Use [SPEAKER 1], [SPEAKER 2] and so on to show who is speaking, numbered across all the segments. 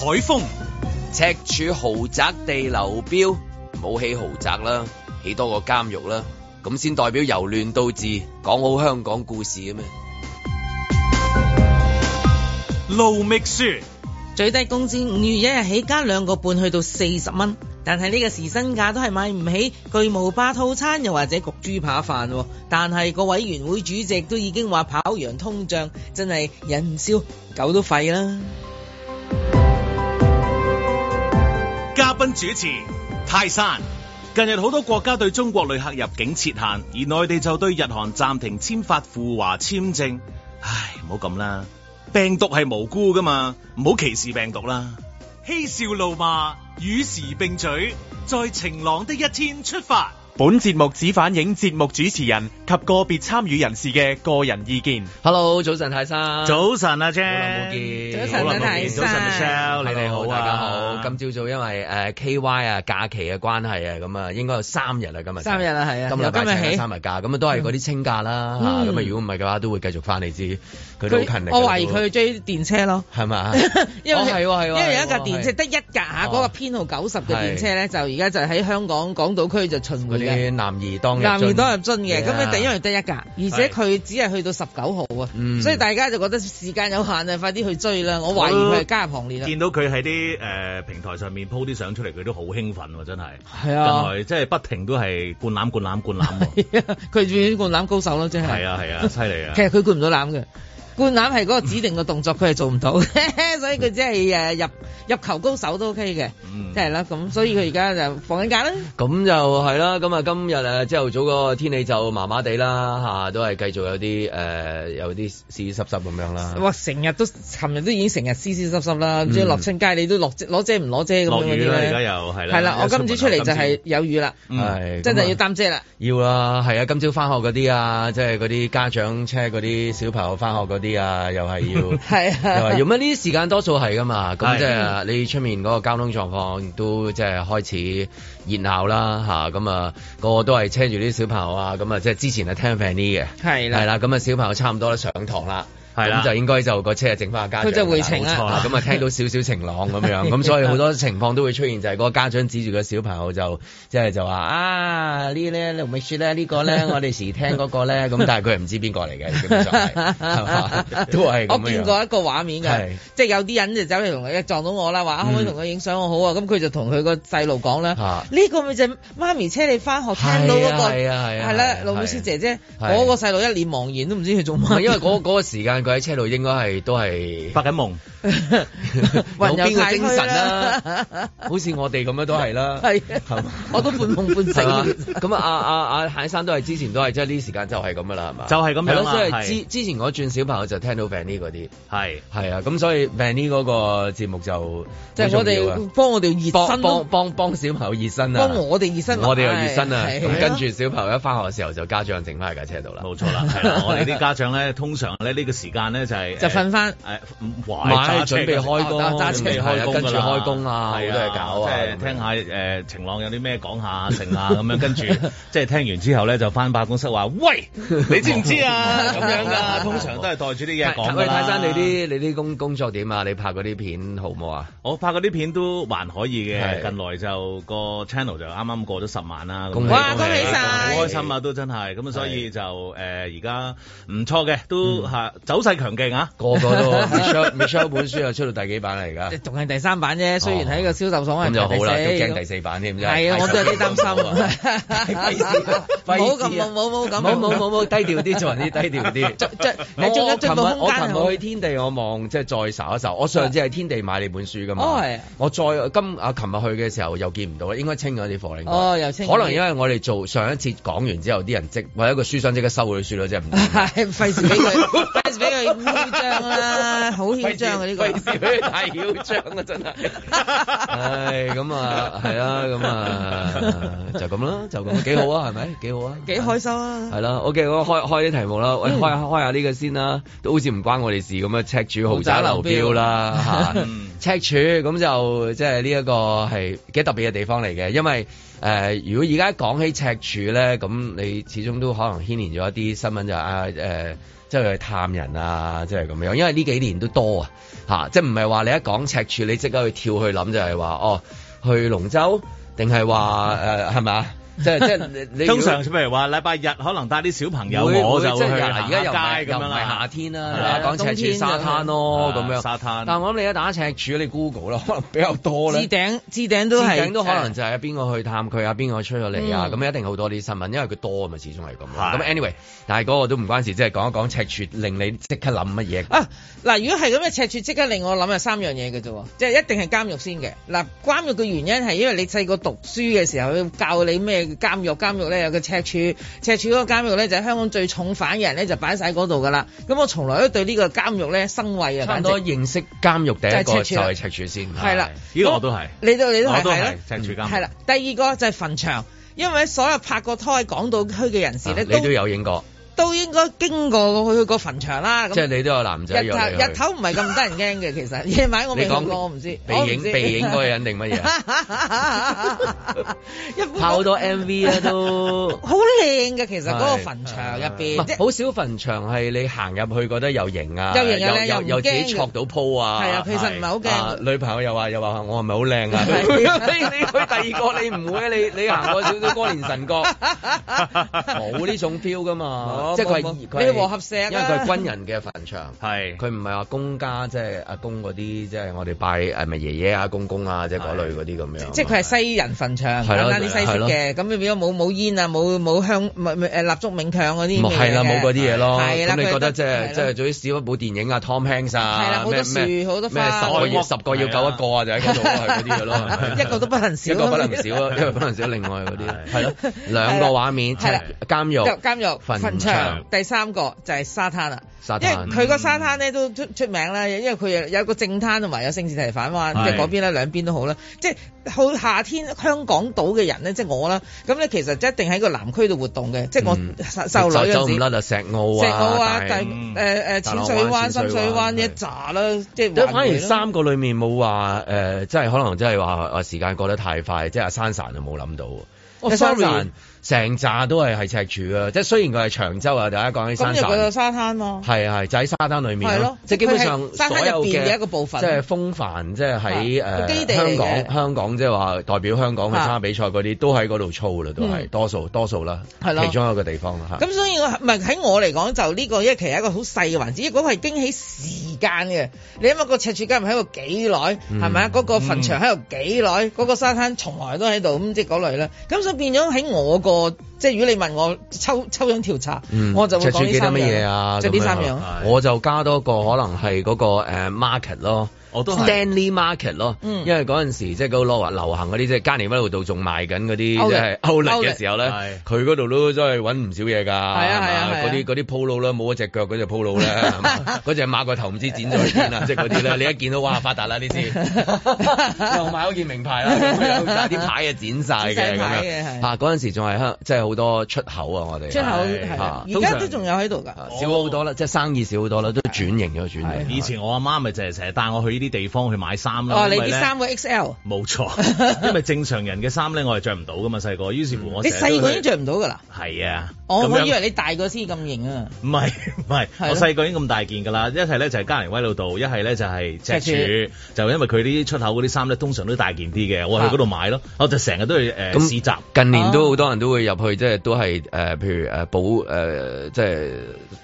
[SPEAKER 1] 海風，赤柱豪宅地流標，冇起豪宅啦，起多個監獄啦，咁先代表由亂到治，講好香港故事嘅
[SPEAKER 2] 咩？Low 最低工資五月一日起加兩個半，去到四十蚊，但係呢個時薪價都係買唔起巨無霸套餐，又或者焗豬扒飯。但係個委員會主席都已經話跑贏通脹，真係忍唔消，狗都吠啦。
[SPEAKER 3] 嘉賓主持泰山。近日好多國家對中國旅客入境設限，而內地就對日韓暫停簽發赴華簽證。唉，唔好咁啦，病毒係無辜噶嘛，唔好歧視病毒啦。嬉笑怒罵，與時並舉，在晴朗的一天出發。本節目只反映節目主持人及個別參與人士嘅個人意見。
[SPEAKER 1] Hello，早晨泰生。早晨啊 Jeff 好耐冇見。早晨。好耐冇見。早晨 Michelle 你哋好、啊，大家好。咁朝好早，因為誒、uh, KY 啊假期嘅關係啊，咁啊應該有三日啦今日。三
[SPEAKER 2] 日啦，係啊。有冇加埋？三日
[SPEAKER 1] 假咁啊，都係嗰啲清假啦嚇。咁、嗯、啊，如果唔係嘅話都會繼續翻嚟知。佢都好勤力。我懷疑佢
[SPEAKER 2] 追電車咯，
[SPEAKER 1] 係咪吧？
[SPEAKER 2] 因為係喎、哦，係喎、啊。啊、因為有一架電車得一架，嚇、啊，嗰個編號九十嘅電車咧，就而家就喺香港港島區就巡迴男嗰啲
[SPEAKER 1] 男兒當男兒當入樽嘅，咁你
[SPEAKER 2] 第一樣得一架，而且佢只係去到十九號啊，是所以大家就覺得時間有限啊，快啲去追啦！我懷疑佢係加入行列啦。見
[SPEAKER 3] 到佢喺啲誒平台上面鋪啲相出嚟，佢都好興奮喎、啊，真係。
[SPEAKER 2] 係啊，近來
[SPEAKER 3] 即係不停都係灌籃、灌籃、灌籃。
[SPEAKER 2] 佢係屬於灌籃高手咯，真係、嗯。係啊係啊，犀利啊！其實佢灌唔到籃嘅。灌籃係嗰個指定嘅動作，佢係做唔到嘅， 所以佢只係誒入。入球高手都 OK 嘅，即係啦咁，所以佢而家就放緊假啦。
[SPEAKER 1] 咁就係啦，咁啊今日誒朝頭早個天氣就麻麻地啦，嚇都係繼續有啲誒有啲絲絲濕濕咁樣啦。
[SPEAKER 2] 哇！成日都，尋日都已經成日絲絲濕濕啦，仲要落清街，你都落攞遮唔攞遮咁樣啲而家又係啦。係啦，我今朝出嚟就係有雨啦，真係要擔遮啦。
[SPEAKER 1] 要啦，係啊，今朝返學嗰啲啊，即係嗰啲家長車嗰啲小朋友返學嗰啲啊，又係要，又
[SPEAKER 2] 係要用
[SPEAKER 1] 呢啲時間多數係噶嘛，咁即係。你出面嗰個交通狀況都即係開始熱鬧啦吓，咁啊個、嗯、個都係車住啲小朋友啊，咁啊即係之前係聽唔明啲嘅，係的啦，係、嗯、啦，咁啊小朋友差唔多都上堂啦。係就應該就個車係淨翻個家長，冇錯。咁啊聽到少少晴朗咁樣，咁所以好多情況都會出現，就係嗰個家長指住個小朋友就即係就話
[SPEAKER 2] 啊呢咧，盧覓雪咧呢
[SPEAKER 1] 個咧，我哋時聽嗰個咧，咁但係佢係唔知邊個嚟嘅。咁都係我見過一個畫面㗎，即
[SPEAKER 2] 係有啲人就走嚟同佢一撞到我啦，話可唔可以同佢影相？我好啊，咁佢就同佢個細路講啦，呢個咪就媽咪車你翻學，聽到嗰個係啊係啊係啦，盧覓雪姐姐，嗰個細路一臉茫然都唔知佢做乜。因為嗰個時間。佢喺車度應
[SPEAKER 1] 該係都係發緊夢，
[SPEAKER 2] 冇 邊個精神啦、啊？ 有
[SPEAKER 1] 有 好似我哋咁樣都係啦、啊 啊，我
[SPEAKER 2] 都半夢半醒。
[SPEAKER 1] 咁啊啊啊！蟹、啊啊啊、生都係之前都係，即係呢時間就係咁噶啦，係嘛、啊啊？就係咁樣啦。所以之之前我轉小朋友就聽到 Benny 嗰啲，係係是啊。咁所以 Benny 嗰個節目就即係、啊、我哋
[SPEAKER 2] 幫我哋熱身咯，幫
[SPEAKER 1] 幫，幫小朋友熱身啊，幫
[SPEAKER 2] 我哋熱身，我哋又熱身啊。咁、啊啊、跟住
[SPEAKER 1] 小朋友一翻學嘅時候，就家長整翻喺架車度啦。冇錯啦，係啦、啊。我哋啲家長咧，通常咧呢個時。時間咧就係就瞓翻
[SPEAKER 3] 誒，買係準備開工，但係準備開工啦，咁都係搞啊，即係聽下誒晴朗有啲咩講下成啊，咁樣跟住即係聽完之後咧就翻辦公室話：喂，你知唔知啊？咁樣噶，通常都係袋住啲嘢講啦。喂，泰你啲你啲工工作點啊？你拍嗰啲片好唔好啊？我拍嗰啲片都還可以嘅，近來就個 channel 就啱啱過咗十萬啦。哇！恭喜晒！好開心啊！都真係咁所以就誒而家唔錯嘅，都嚇好細強勁啊！個個都 Michelle
[SPEAKER 1] Michelle 本書又出到第幾版啦？而家
[SPEAKER 2] 仲係第三版啫，雖然喺個銷售爽係第四，驚第
[SPEAKER 1] 四版添真係，係啊，我都有啲擔心啊，費事，冇
[SPEAKER 2] 咁冇冇冇咁，冇冇冇冇低調啲做，啲低調啲。即即我琴日我咁，日琴日去
[SPEAKER 1] 天地，我望即係再掃一掃，我上次喺天地買你本書㗎嘛，我再今啊琴日去嘅時候又見唔到啦，應該清咗啲貨嚟㗎，哦
[SPEAKER 2] 又清，可能因
[SPEAKER 1] 為我哋做上一次講完之後，啲人即為一個書商即刻收嗰啲書即係
[SPEAKER 2] 費事俾佢。比較囂張啦，好
[SPEAKER 1] 囂張啊！呢個，意 思、 哎。太囂張啦真係，唉，咁啊，係啦、啊，咁啊，就咁啦、啊，就咁、啊，幾好啊，係咪？幾好啊，
[SPEAKER 2] 幾開心啊！係
[SPEAKER 1] 啦、啊、，OK，我開開啲題目啦，嗯哎、開開下呢個先啦、啊，都好似唔關我哋事咁啊。赤柱豪宅流標啦，吓， 赤柱咁就即係呢一個係幾特別嘅地方嚟嘅，因為誒、呃，如果而家講起赤柱咧，咁你始終都可能牽連咗一啲新聞就是、啊誒。呃即係去探人啊，即係咁樣，因為呢幾年都多啊，吓，即係唔係話你一講赤柱，你即刻去跳去諗就係、是、話哦，去龍舟定係話誒，係咪啊？呃即係即係
[SPEAKER 3] 你通常譬如話禮拜日可能帶啲小朋友，我就會去行街咁樣啦。而家又夏天啦，講赤柱沙灘咯咁樣。沙灘，但
[SPEAKER 1] 係我諗你一打赤柱，你 Google 咯，可能比較多啦。置頂置頂都係置頂都可能就係邊個去探佢啊，邊個出咗嚟啊？咁一定好多啲新聞，因為佢多嘛，始終係咁。咁 anyway，但係嗰個都唔關事，即係講一講赤柱令你即刻諗乜嘢
[SPEAKER 2] 啊？嗱，如果係咁嘅赤柱，即刻令我諗係三樣嘢嘅啫，即係一定係監獄先嘅。嗱，監獄嘅原因係因為你細個讀書嘅時候教你咩？監獄，監獄咧有個赤柱，赤柱嗰個監獄咧就係香港最重犯嘅人咧就擺晒嗰度噶啦。咁我從來都對呢個監獄咧生畏啊。唔多
[SPEAKER 1] 認識監獄，第一個就係赤柱，柱先，係啦的，呢的個我都係。
[SPEAKER 2] 都你，到你都你都係係啦。
[SPEAKER 1] 赤的柱監係啦。
[SPEAKER 2] 第二個就係墳場，因為所有拍過拖港島區嘅人士咧，你都有影過。都應該經過去個墳場啦。即係你都有
[SPEAKER 1] 男仔入去，日頭日頭
[SPEAKER 2] 唔係咁得人驚嘅，其實夜晚我未講過，我唔知。背影背影嗰個人定乜嘢？拍好多 MV 啊，都。好靚嘅，其實嗰個墳場入面，好
[SPEAKER 1] 少墳場係你行入去覺得有型啊，又型又靚自己撮到鋪啊。係啊，其實唔係好驚。女朋友又話又話我係咪好靚啊？你
[SPEAKER 2] 去第二個你
[SPEAKER 1] 唔會啊，你你行過少少光年神國冇呢種 feel 噶嘛？即係佢係佢係和合石，因為佢係軍人嘅墳場，係佢唔係話公家，即係阿公嗰啲，即係我哋拜係咪爺爺啊、公公啊，即係嗰類嗰啲咁
[SPEAKER 2] 樣。即係佢係西人墳場，係單啲西式嘅，咁變咗冇冇煙啊，冇冇香，蠟燭冥鏹嗰啲。係啦，冇嗰啲嘢咯。咁你覺得即係即係，總
[SPEAKER 1] 之少一部電影啊，Tom Hanks，咩咩十個要救一個啊，就喺嗰度嗰啲嘅咯。一個
[SPEAKER 2] 都不能少，一個不能少，一個不
[SPEAKER 1] 能少，另外嗰啲係咯，兩個畫面，監獄、
[SPEAKER 2] 監獄、墳場。第三個就係沙灘啦，因為佢個沙灘咧都出出名啦，因為佢有個正灘同埋有聖士提反灣，即係嗰邊咧兩邊都好啦。即係去夏天香港島嘅人咧，即係我啦，咁咧其實一定喺個南區度活動嘅。即係我瘦女嗰
[SPEAKER 1] 陣時，走唔甩啊石澳啊，第
[SPEAKER 2] 誒誒淺水灣、深水灣一紮啦。即係反而三
[SPEAKER 1] 個裡面冇話誒，即係可能即係話話時間過得太快，即係阿珊珊就冇諗到。
[SPEAKER 2] 哦 sorry。
[SPEAKER 1] 成扎都係喺赤柱啊，即雖然佢係長洲啊，大家講起沙灘。咁
[SPEAKER 2] 沙灘咯。係
[SPEAKER 1] 啊係，就喺沙灘裏面咯。即基本上入面嘅一個部分。即係風帆，即係喺基地。香港香港，即係話代表香港去參加比賽嗰啲，都喺嗰度操啦，都係多數多數啦。其中一個地方。咁所
[SPEAKER 2] 以我喺我嚟講，就呢個一期係一個好細嘅環節，如果佢係驚喜時間嘅。你諗下個赤柱監喺度幾耐，係咪啊？嗰個墳場喺度幾耐？嗰個沙灘從來都喺度，咁即係嗰類啦。咁所以變咗喺我個即係如果你問我抽抽樣調查，
[SPEAKER 1] 我就講乜嘢啊？係呢三樣，我就加多個是的可能係嗰個誒 market 咯。我都係 Stanley Market 咯，因為嗰陣時即係嗰個羅話流行嗰啲，即係嘉年威路度仲賣緊嗰啲，即係 Outlet 嘅時候咧，佢嗰度都真係揾唔少嘢㗎。係啊，嗰啲啲 Polo 咧，冇一隻腳嗰隻 Polo 咧，嗰隻馬個頭唔知剪咗去邊啊！即係嗰啲咧，你一見到哇發達啦！呢知又買嗰件名牌啦，啲牌啊剪晒嘅咁樣。啊，嗰時仲係即係好多出口啊！我哋
[SPEAKER 2] 出口而家都仲有喺度㗎，
[SPEAKER 1] 少好多啦，即係生意少好多啦，都轉型咗轉
[SPEAKER 2] 型。以
[SPEAKER 3] 前我阿媽咪就係成日帶我去。啲地方去買衫啦，哦，你啲衫個 XL，冇錯，因為正常人嘅衫咧，我係着唔到噶嘛，細個，於是乎我你細個已經着
[SPEAKER 2] 唔到噶啦，係啊，我以為你大個先咁型啊，唔係唔係，我細
[SPEAKER 3] 個已經咁大件噶啦，一係咧就係加連威老道，一係咧就係赤柱，就因為佢啲出口嗰啲衫咧，通常都大件啲嘅，我去嗰度買咯，我就成日都去誒市集，近年都好
[SPEAKER 1] 多人都會入去，即係都係誒，譬如誒保誒，即係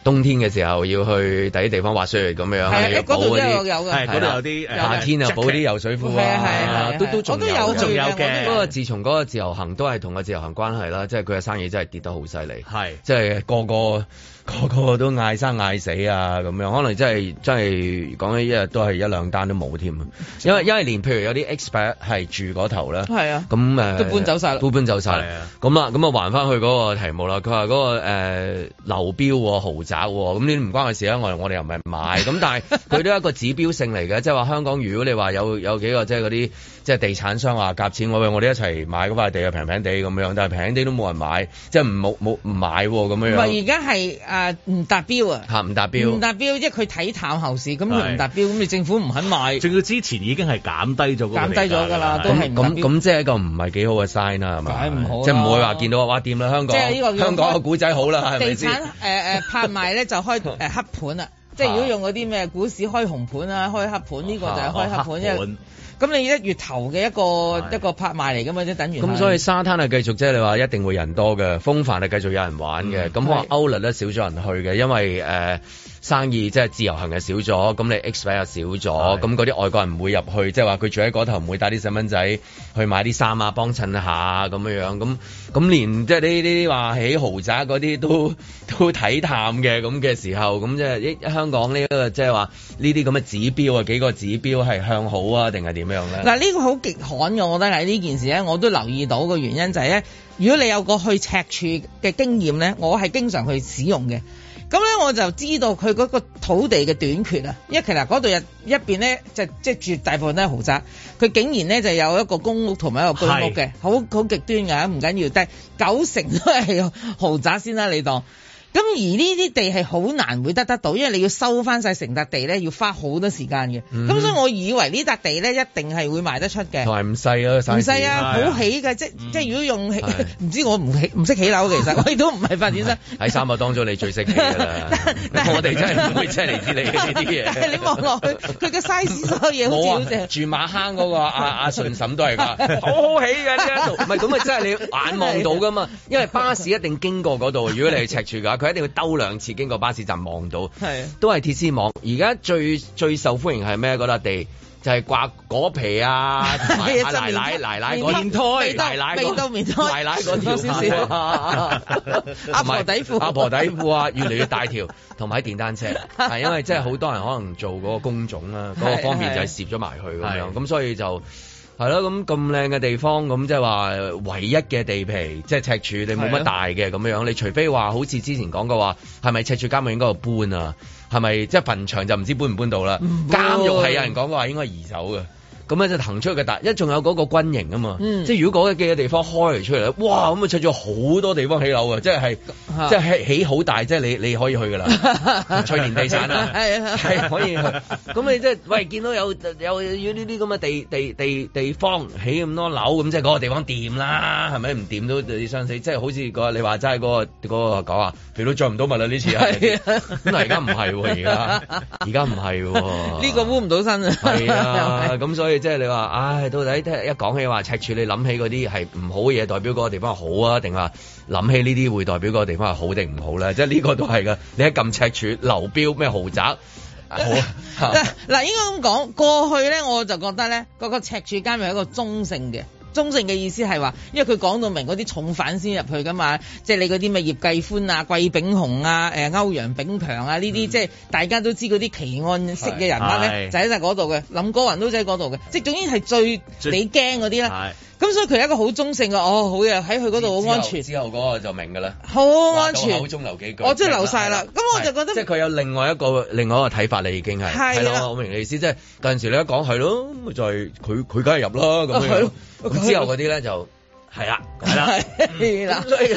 [SPEAKER 1] 冬天嘅時候要去第啲地方滑雪咁樣，度都有嘅，啲夏天啊，補啲、呃、游水褲啊，係啊，都都仲有我都有做嘅。不過自從嗰個自由行都係同個自由行關係啦，即係佢嘅生意真係跌得好犀利，係即係個個。個個都嗌生嗌死啊，咁樣可能真係真係講起一日都係一兩單都冇添，因為因為連譬如有啲 expert 係住嗰頭呢，係啊，咁誒那都搬走晒，都搬走晒，咁啦、啊，咁啊還翻去嗰個題目啦。佢話嗰個誒流、呃、標豪宅，咁呢唔關佢事啊，我我哋又唔係買，咁 但係佢都係一個指標性嚟嘅，即係話香港如果你話有有幾個即係嗰啲。即係地產商話夾錢，我哋我哋一齊買嗰塊地啊，平平地咁樣，但係平地都冇人買，即係唔冇冇唔買咁
[SPEAKER 3] 樣。唔係而
[SPEAKER 2] 家係唔達標啊，
[SPEAKER 1] 唔達
[SPEAKER 3] 標，唔達
[SPEAKER 2] 標，即係佢睇淡後市，咁佢唔達
[SPEAKER 1] 標，咁你政府唔肯賣，仲要之前已經係減低咗
[SPEAKER 3] 嗰個。減低咗㗎啦，都係唔達標。
[SPEAKER 2] 咁
[SPEAKER 1] 即係一個唔係幾好嘅 sign 啦，係咪？即係唔會話見到話，掂啦香港，香港嘅故仔好啦，係地
[SPEAKER 2] 產誒誒拍賣咧就開黑盤啦，即係如果用嗰啲咩股市開紅盤啊，開黑盤呢個就係開黑盤。咁你一月頭嘅一個一個拍賣嚟㗎嘛，即等於咁，所以
[SPEAKER 1] 沙灘係繼續，即係你話一定會人多嘅，風帆係繼續有人玩嘅。咁可能歐律咧少咗人去嘅，因為誒。呃生意即係自由行嘅少咗，咁你 X 牌又少咗，咁嗰啲外國人唔會入去，即係話佢住喺嗰頭唔會帶啲細蚊仔去買啲衫啊，幫襯下咁樣樣，咁咁連即係呢啲話起豪宅嗰啲都都睇淡嘅咁嘅時候，咁即係一香港呢個即係話呢啲咁嘅指標啊，幾個指標係向好啊，定係點樣咧？嗱，
[SPEAKER 2] 呢個好極罕嘅，我覺得喺呢件事咧，我都留意到個原因就係咧，如果你有個去赤柱嘅經驗咧，我係經常去使用嘅。咁咧我就知道佢嗰個土地嘅短缺啊，因為其實嗰度入一邊咧就即係住大部分都係豪宅，佢竟然咧就有一個公屋同埋一個居屋嘅，好好是極端嘅，唔緊要，但係九成都係豪宅先啦、啊，你當。咁而呢啲地係好難會得得到，因為你要收翻曬成笪地咧，要花好多時間嘅。咁、嗯、所以我以為呢笪地咧一定係會賣得出嘅。同
[SPEAKER 1] 埋唔細咯，細啊，嗯、好起嘅、
[SPEAKER 2] 嗯，即即如果用起，唔是知我唔唔識起樓其實我，我亦都唔係發展商。
[SPEAKER 1] 喺三個當中你最識起㗎啦。 我哋真係唔會真係嚟知你呢啲嘢。你
[SPEAKER 2] 望落去，佢嘅 size 所有嘢好少
[SPEAKER 1] 嘅有。住馬坑嗰、那個阿阿順嬸都係㗎，好好起嘅呢一度。唔係咁啊，真、啊、係、啊、你眼望到㗎嘛，因為巴士一定經過嗰度。如果你係赤柱嘅。佢一定要兜兩次經過巴士站望到，係都係鐵絲網。而家最最受歡迎係咩嗰笪地？就係刮果皮啊、奶奶奶奶棉胎、奶
[SPEAKER 2] 奶未到棉胎、奶奶嗰條啊、阿婆底褲、阿婆底褲
[SPEAKER 1] 啊，越嚟越大條，同埋喺電單車，係因為即係好多人可能做嗰個工種啦，嗰個方面就係攝咗埋去咁樣，咁所以就。係咯，咁咁靚嘅地方，咁即係話唯一嘅地皮，即係赤柱，你冇乜大嘅咁樣，你除非話好似之前講過話，係咪赤柱監獄應該度搬啊？係咪即係墳場就唔知搬唔搬到啦，啊？監獄係有人講過話應該移走嘅。咁咧就騰出嘅大，一仲有嗰個軍營啊嘛，嗯、即係如果嗰個幾嘅地方開嚟出嚟嘩，哇！咁啊出咗好多地方起樓啊，即係即係起好大，即係你你可以去噶啦，翠田 地產啊，
[SPEAKER 2] 係 可以去。
[SPEAKER 1] 咁你即係喂見到有有呢啲咁嘅地地地地方起咁多樓，咁即係嗰個地方掂啦，係咪唔掂都傷死？即係好似、嗰個、你話齋嗰個嗰、嗰個講、嗰個、啊，你都着唔到襪啦呢次。係
[SPEAKER 2] 原來而家唔係喎，而
[SPEAKER 1] 家而家唔係喎，呢
[SPEAKER 2] 個污唔到身啊。係啊，
[SPEAKER 1] 咁 所以。即係你話，唉、哎，到底一講起話赤、就是、赤柱，你諗起嗰啲係唔好嘅嘢，代表嗰個地方係好啊？定話諗起呢啲會代表嗰個地方係好定唔好咧？即係呢個都係㗎，你一撳赤柱流標咩豪宅？好
[SPEAKER 2] 嗱，應該咁講， 過去咧我就覺得咧，嗰個赤柱間係一個中性嘅。忠誠嘅意思係話，因為佢講到明嗰啲重犯先入去噶嘛，即係你嗰啲咩葉繼歡啊、季炳雄啊、誒歐陽炳強啊呢啲，嗯、即係大家都知嗰啲奇案式嘅人物、啊、咧，是就喺嗰度嘅，的林過雲都喺嗰度嘅，即係總之係最你驚嗰啲啦。咁所以佢係一個好中性嘅，哦，好嘅，喺佢嗰度好安全。
[SPEAKER 1] 之後嗰個就明嘅啦，
[SPEAKER 2] 好安全，好中流幾句，我即係留曬啦。咁我就覺得，即
[SPEAKER 1] 係佢有另外一個另外一個睇法，你已經係係喇，我明你意思，即係有陣時你一講係咯，咪就係佢佢，梗係入啦咁
[SPEAKER 2] 樣，之後嗰啲
[SPEAKER 1] 咧就係啦，
[SPEAKER 2] 係啦，嗱，所以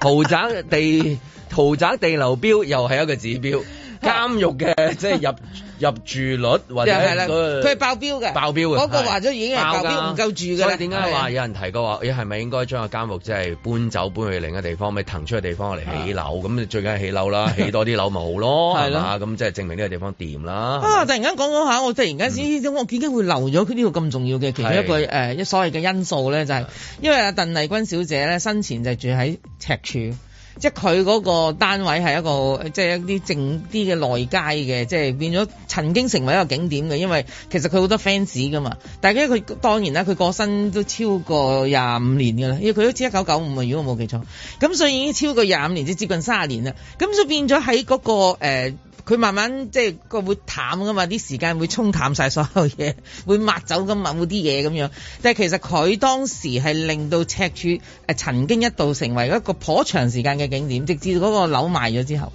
[SPEAKER 1] 豪宅地豪宅地，流標又係一個指標。監獄嘅即係入入住率或者咧佢係
[SPEAKER 2] 爆標嘅，爆標嘅嗰個話咗已經係爆標，唔夠住㗎啦。點解話有
[SPEAKER 1] 人提過話，咦，係咪應該將個監獄即係搬走，搬去另一個地方，咪騰出個地方嚟起樓？咁最緊係起樓啦，起多啲樓咪好咯，係嘛？咁即係證明呢個地方掂啦。啊！突
[SPEAKER 2] 然間講講下，我突然間咦，點解會留咗佢呢個咁重要嘅其中一個誒一所謂嘅因素咧？就係因為阿鄧麗君小姐咧生前就住喺赤柱。即係佢嗰個單位係一個，即係一啲靜啲嘅內街嘅，即係變咗曾經成為一個景點嘅，因為其實佢好多 fans 㗎嘛。但係因為佢當然啦，佢過身都超過廿五年㗎啦，因為佢都知一九九五啊，如果我冇記錯，咁所以已經超過廿五年，即接近三十年啦。咁所以變咗喺嗰個、呃佢慢慢即係個會淡噶嘛，啲時間會沖淡晒所有嘢，會抹走咁抹啲嘢咁樣。但係其實佢當時係令到赤柱誒、呃、曾經一度成為一個頗長時間嘅景點，直至嗰個樓賣咗之後，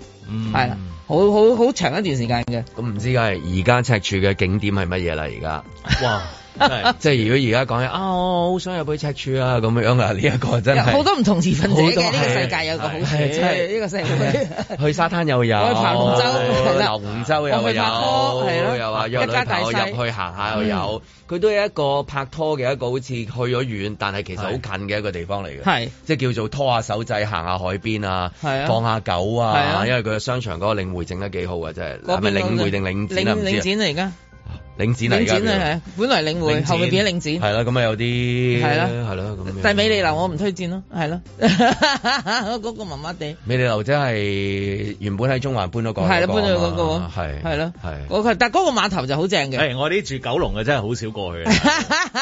[SPEAKER 2] 係啦、嗯，好好好長一段時間嘅。咁唔知
[SPEAKER 1] 係而家赤柱嘅景點係乜嘢啦？而家 哇！即係如果而家講起啊，我好想有杯赤柱啊咁樣噶，呢一個真係好多
[SPEAKER 2] 唔同自憲者嘅呢個世界有個好嘅，呢個世界
[SPEAKER 1] 去沙灘又有，去爬龍舟又有，遊龍舟又有，係咯，又話一家大細入去行下又有，佢都有一個拍拖嘅一個好似去咗遠，但係其實好近嘅一個地方嚟嘅，即係叫做拖下手仔行下海邊啊，放下狗啊，因為佢嘅商場嗰個領會整得幾好啊，真係係咪領匯定領展啊？領展嚟噶。領展嚟嘅，
[SPEAKER 2] 本來領匯後尾變領展。係
[SPEAKER 1] 啦，咁啊有啲係啦，係啦咁。但係美
[SPEAKER 2] 利樓我唔推薦咯，係咯，嗰個麻麻地。
[SPEAKER 1] 美利樓真係原本喺中環搬咗過去。係啦搬咗嗰個，係係
[SPEAKER 2] 咯，係。但係嗰個碼頭就好正嘅。
[SPEAKER 1] 我哋住九龍嘅真係好少過去。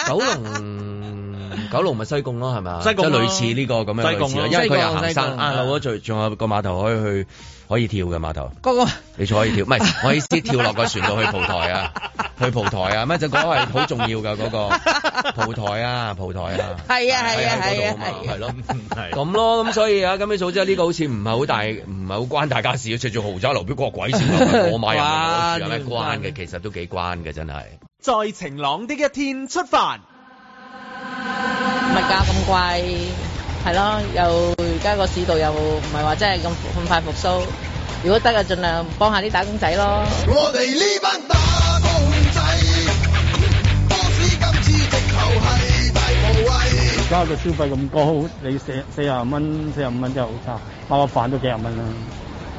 [SPEAKER 1] 九龍，九龍咪西貢咯，係咪？
[SPEAKER 3] 西貢。即類似呢個咁樣類似咯，因為佢有行山。我
[SPEAKER 1] 仲有個碼頭可以去。可以跳嘅碼頭，哥哥，你坐可以跳，唔係我意思跳落個船度去蒲台啊，去蒲台啊，咩就講係好重要嘅嗰個蒲台啊，蒲台啊，係啊係啊係啊，係咯，係咁咯，咁所以啊，今次組織呢個好似唔係好大，唔係好關大家事啊，出住豪宅樓畀過鬼先，我買啊，有咩關嘅，其實都幾關嘅，真係。
[SPEAKER 3] 再晴朗啲嘅天出發，
[SPEAKER 2] 物價咁貴。係咯，又而家個市道又唔係話真係咁咁快復甦。如果得嘅，盡量幫下啲打工仔咯。我哋呢班打工仔，多時今次
[SPEAKER 4] 直頭係大無畏。而家個消費咁高，你四四廿蚊、四十五蚊真係好差，包個飯都幾廿蚊啦。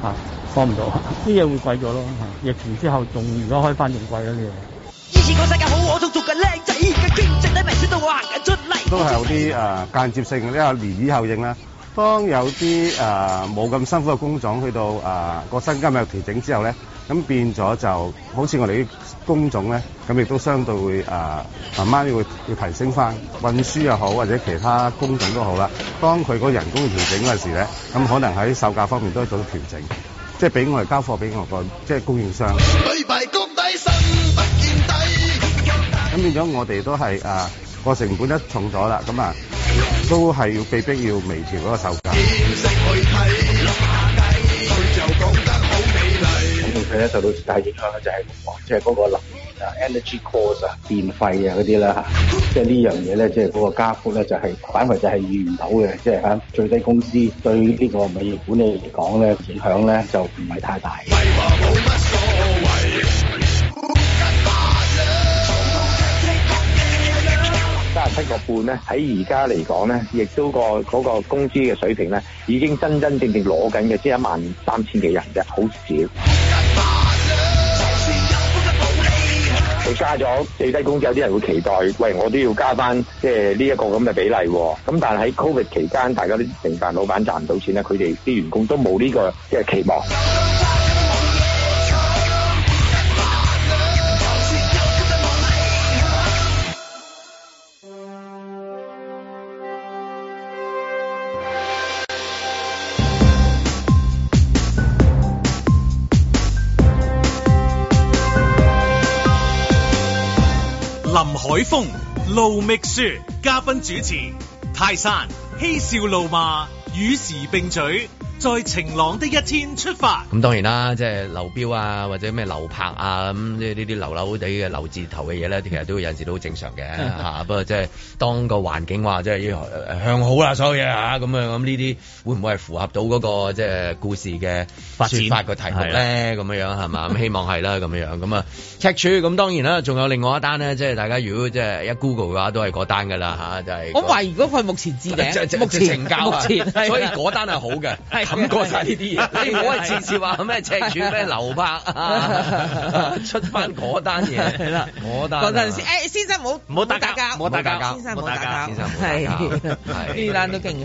[SPEAKER 4] 嚇、啊，幫唔到。啲嘢會貴咗咯、啊。疫情之後，仲如果開翻仲貴咗啲嘢。以前
[SPEAKER 1] 都係有
[SPEAKER 3] 啲誒間接性，呢個漣漪效應啦。當有啲誒冇咁辛苦嘅工種去到誒個薪金有調整之後咧，咁變咗就好似我哋啲工種咧，咁亦都相對會誒慢慢要要提升翻。
[SPEAKER 4] 運輸又好或者其他工種都好啦。當佢個人工調整嗰陣時咧，咁可能喺售價方面都做到調整，即係俾我哋交貨俾我個即係供應商。變咗我哋都係啊個成本一重咗啦，咁啊都係要被逼要微調嗰個售價。咁另外咧受到大影響咧就係屋，即係嗰個能源啊、energy cost 啊、電費啊嗰啲啦嚇，即係呢樣嘢咧，即係嗰個加幅咧就係反為就係預唔到嘅，即係嚇最低工資對呢個物業管理嚟講咧影響咧就唔係太大。七個半咧，喺而家嚟講咧，亦都個嗰個工資嘅水平咧，已經真真正正攞緊嘅，即係一萬三千幾人啫，好少。佢、啊、加咗最低工資，有啲人會期待，喂，我都要加翻，即係呢一個咁嘅比例。咁但係喺 Covid 期間，大家啲成間老闆賺唔到錢咧，佢哋啲員工都冇呢個即係期望。
[SPEAKER 3] 風路秘書。嘉賓主持，泰山嬉笑怒罵，與時並舉。在晴朗的一天出發。
[SPEAKER 1] 咁當然啦，即係流標啊，或者咩流拍啊，咁呢呢啲流流地嘅流字頭嘅嘢咧，其實都有時都好正常嘅嚇、 啊。不過即係當個環境話即係、就是、要向好啦，所有嘢嚇咁，咁呢啲會唔會係符合到嗰、那個即係、就是、故事嘅説 法嘅題目咧？咁的樣係嘛？咁 希望係啦，咁樣咁啊赤柱。咁當然啦，仲有另外一單咧，即、就、係、是、大家如果即係一 Google 嘅話，都係嗰單噶啦就
[SPEAKER 2] 係、是那個、我懷疑佢份目前自己前，目 前成交，目前所以嗰單係好嘅， 的 咁過晒呢啲嘢，我係次次話咩赤柱咩
[SPEAKER 1] 流拍啊，出
[SPEAKER 2] 翻嗰單嘢啦，
[SPEAKER 1] 嗰單。嗰陣時，
[SPEAKER 2] 先生唔好唔好打打交，唔好打打交，先生唔好打交，
[SPEAKER 1] 先
[SPEAKER 3] 生呢
[SPEAKER 2] 單都勁。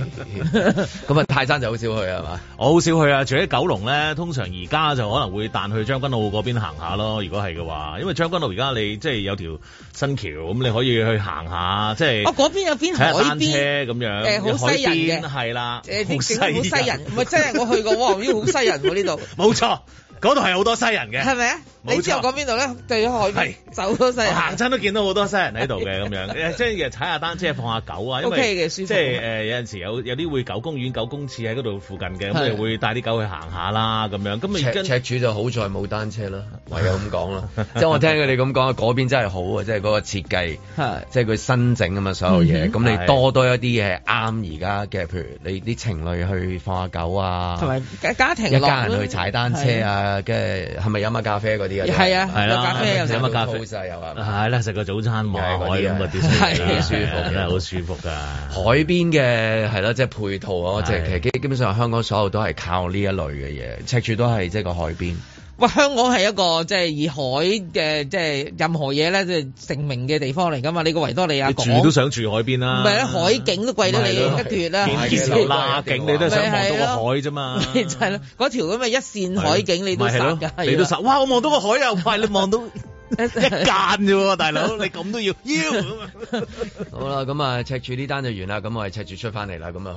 [SPEAKER 1] 咁啊，泰山就好少去係嘛？
[SPEAKER 3] 我好少去啊，除咗九龍咧，通常而家就可能會彈去將軍澳嗰邊行下咯。如果係嘅話，因為將軍澳而家你即係有條新橋，咁你可以去行下，即係。哦，嗰
[SPEAKER 2] 邊有邊海邊車
[SPEAKER 3] 咁樣。誒，好西人嘅，係啦。誒，啲好西
[SPEAKER 2] 人， 我去過，哇、啊！呢度
[SPEAKER 3] 好犀人喎，呢度。冇錯。嗰度係好多西人嘅，係咪啊？你知我講邊度咧？對海邊走多西人，行親都見到好多西人喺度嘅咁樣，即係踩下單車、放下狗啊。O K 嘅，即係誒有陣時有有啲會狗公園、狗公廁喺嗰度附近嘅，咁咪會
[SPEAKER 1] 帶啲狗去行下啦咁樣。咁咪赤赤柱就好在冇單車啦。唯有咁講啦。即係我聽佢哋咁講，嗰邊真係好啊！即係嗰個設計，即係佢新整啊嘛，所有嘢。咁你多多一啲嘢啱而家嘅，譬如你啲情侶去放下狗啊，同埋
[SPEAKER 2] 家庭一家人去踩單車啊。
[SPEAKER 1] 嘅，係咪飲下咖啡嗰啲啊？係啊，飲咖啡有時飲下咖啡就曬又係。係啦，食個早餐望下海咁嗰啲，係幾舒服，真係好舒服㗎。海邊嘅係咯，即係配套咯，即係其實基基本上香港所有都係靠呢一類嘅嘢，赤柱都係即係個海邊。
[SPEAKER 2] 喂，香港係一個即係以海嘅即係任何嘢咧，即係成名嘅地方嚟噶嘛？你個維多利亞港，住都
[SPEAKER 1] 想住海
[SPEAKER 3] 邊啦。唔係咧，海
[SPEAKER 2] 景都貴得你一脫啦。見景你都係想望到個海啫嘛。就係咯，嗰條咁嘅一線海景你都受㗎。你都受。哇，我望到個海又快，你望到。一間啫喎，大佬你咁都要
[SPEAKER 1] 要好啦，咁啊赤柱呢單就完啦，咁我係赤柱出翻嚟啦，咁啊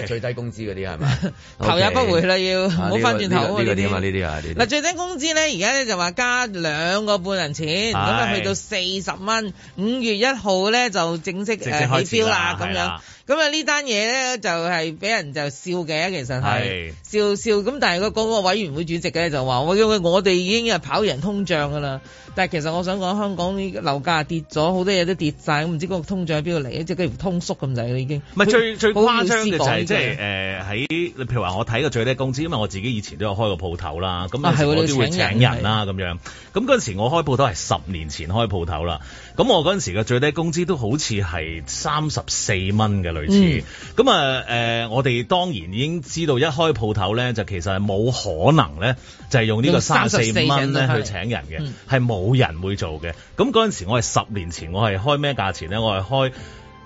[SPEAKER 1] 去最低工資嗰啲係咪？頭也不回啦，要唔好翻轉頭。呢個啊？呢啲啊？嗱，最
[SPEAKER 2] 低工資咧，而家咧就話加兩個半銀錢，咁啊去到四十蚊。五月一號咧就正式誒起標啦，咁樣。咁啊呢單嘢咧就係俾人就笑嘅，其實係是笑笑咁。但係個嗰個委員會主席咧就話：我因我哋已經啊跑贏通脹㗎啦。但係其實我想講香港啲樓價跌咗，好多嘢都跌曬，唔知嗰個通脹喺邊度嚟咧？即係幾乎通縮咁滯已經。唔係不會最最誇張嘅就係
[SPEAKER 3] 即係誒，喺你譬如話我睇個最低工資，因為我自己以前都有開過鋪頭啦，咁啊係喎，你請人啦咁樣。咁嗰陣時我開鋪頭係十年前開鋪頭啦，咁我嗰陣時嘅最低工資都好似係三十四蚊㗎。類似咁啊，誒、嗯呃，我哋當然已經知道一開鋪頭咧，就其實係冇可能咧，就係用呢個三四蚊咧去請人嘅，係冇、嗯、人會做嘅。咁嗰陣時，我係十年前，我係開咩價錢咧？我係開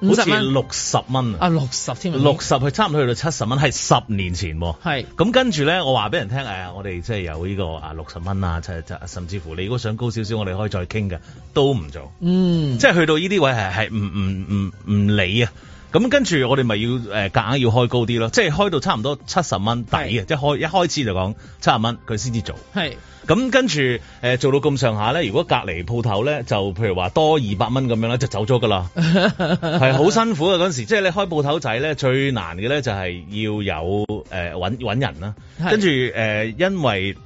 [SPEAKER 3] 好似六十蚊啊，六十添，六十去差唔多去到七十蚊，係十年前。係咁是跟住咧，我話俾人聽，誒、呃，我哋即係有呢、這個啊六十蚊啊，即即係，甚至乎你如果想高少少，我哋可以再傾嘅，都唔做。嗯，即係去到呢啲位係係唔唔唔唔理啊。咁跟住我哋咪要誒夾硬要開高啲咯，即係開到差唔多七十蚊底嘅，是即係開一開始就講七十蚊佢先至做。係咁是跟住誒、呃、做到咁上下咧，如果隔離鋪頭咧，就譬如話多二百蚊咁樣咧，就走咗噶啦。
[SPEAKER 2] 係好
[SPEAKER 3] 辛苦嘅嗰陣時，即係你開鋪頭仔咧，最難嘅咧就係要有誒揾揾人啦。是跟住誒、呃，因為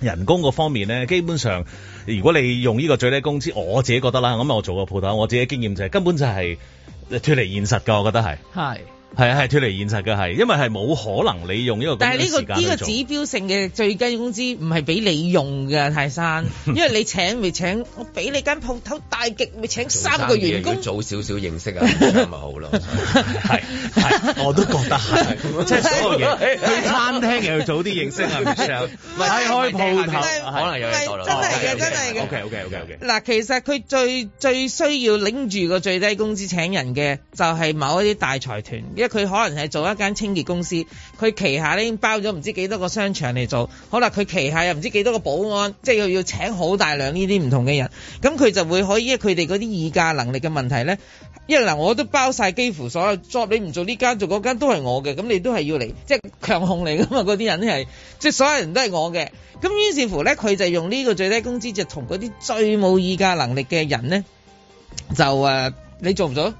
[SPEAKER 3] 人工嗰方面咧，基本上如果你用呢個最低工資，我自己覺得啦，咁我做個鋪頭，我自己經驗就係、是、根本就係、是。脫離現實噶，我覺得係。係係係脫離現實嘅係，因為係冇可能你用呢個咁嘅時間去做。但係呢個呢個指
[SPEAKER 2] 標性嘅最低工資唔係俾你用嘅，泰山。因為你請咪請，我俾你間鋪頭大極咪請三個員工。做生意要
[SPEAKER 1] 早少少認識啊，咁咪好咯。係
[SPEAKER 3] 係，我都覺得係。即係所有嘢，去餐廳又要早啲認識啊。唔係開鋪頭，可能有嘢做咯。真係嘅，真係嘅。OK OK OK OK。
[SPEAKER 2] 嗱，其實佢最最需要拎住個最低工資請人嘅，就係某一啲大財團。因為佢可能係做一間清潔公司，佢旗下咧，已經包咗唔知幾多個商場嚟做，好啦，佢旗下又唔知幾多個保安，即係要要請好大量呢啲唔同嘅人，咁佢就會可以，因為佢哋嗰啲議價能力嘅問題咧，因為嗱，我都包晒幾乎所有 job，你唔做呢間做嗰間都係我嘅，咁你都係要嚟即係強控嚟㗎嘛，嗰啲人咧，係即係所有人都係我嘅，咁於是乎咧，佢就用呢個最低工資就同嗰啲最冇議價能力嘅人咧，就誒，你做唔做？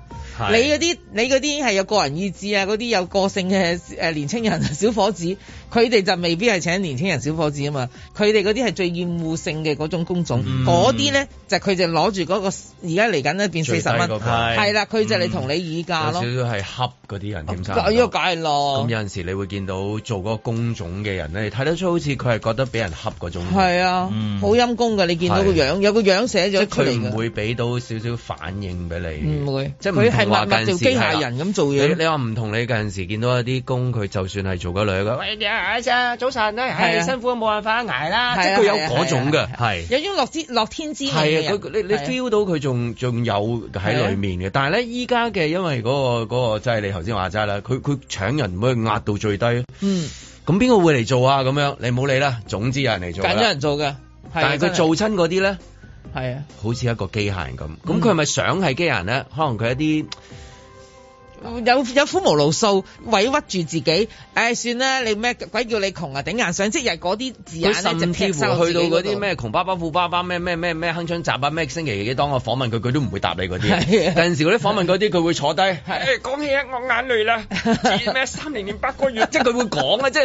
[SPEAKER 2] 你嗰啲，你嗰啲係有個人意志啊，嗰啲有個性嘅誒年青人、小伙子。佢哋就未必係請年輕人、小伙子啊嘛，佢哋嗰啲係最厭惡性嘅嗰種工種，嗰啲咧就佢就攞住嗰個而家嚟緊呢變四十蚊，係啦，佢就你同你議價咯。少
[SPEAKER 1] 少係恰嗰啲人點生？依個
[SPEAKER 2] 梗係咯。咁有陣
[SPEAKER 1] 時你會見到做嗰個工種嘅人咧，你睇得出好似佢係覺得俾人恰嗰種。係啊，
[SPEAKER 2] 好陰功㗎！你見到個樣有個樣寫咗出嚟嘅。即佢唔會
[SPEAKER 1] 俾到少少反應俾你。
[SPEAKER 2] 唔會，即係唔同。佢係默默機械人
[SPEAKER 1] 咁做嘢？你話唔同你近時見到一啲工，佢就算係做嗰兩
[SPEAKER 2] 挨咋，早晨咧，唉，辛苦冇辦法挨啦。即佢有嗰種嘅，係有啲樂天之天資。係啊，佢你你 feel
[SPEAKER 1] 到佢仲仲有喺裏面嘅。但係咧，依家嘅因為嗰個嗰個即係你頭先話齋啦，佢佢搶人會壓到最低。嗯，咁邊個會嚟做啊？咁樣你唔好理啦。總之有人嚟做，梗有人
[SPEAKER 2] 做嘅。但係佢做親嗰啲咧，係啊，
[SPEAKER 1] 好似一個機械人咁。咁佢係咪想係機械人咧？可能佢一啲。
[SPEAKER 2] 有有苦無路訴，委屈住自己。誒、哎，算啦，你咩鬼叫你窮啊？頂硬上，即係嗰啲字眼咧，甚至乎去到嗰啲咩窮爸爸、富爸爸，咩咩咩
[SPEAKER 1] 咩亨唱集啊，咩星期幾當我訪問佢，佢都唔會答你嗰啲。是啊、近時嗰啲訪問嗰啲，佢會，是、啊、會坐低，誒講是、啊哎、起我眼淚啦，咩 三年零八個月， 即係佢會講啊，即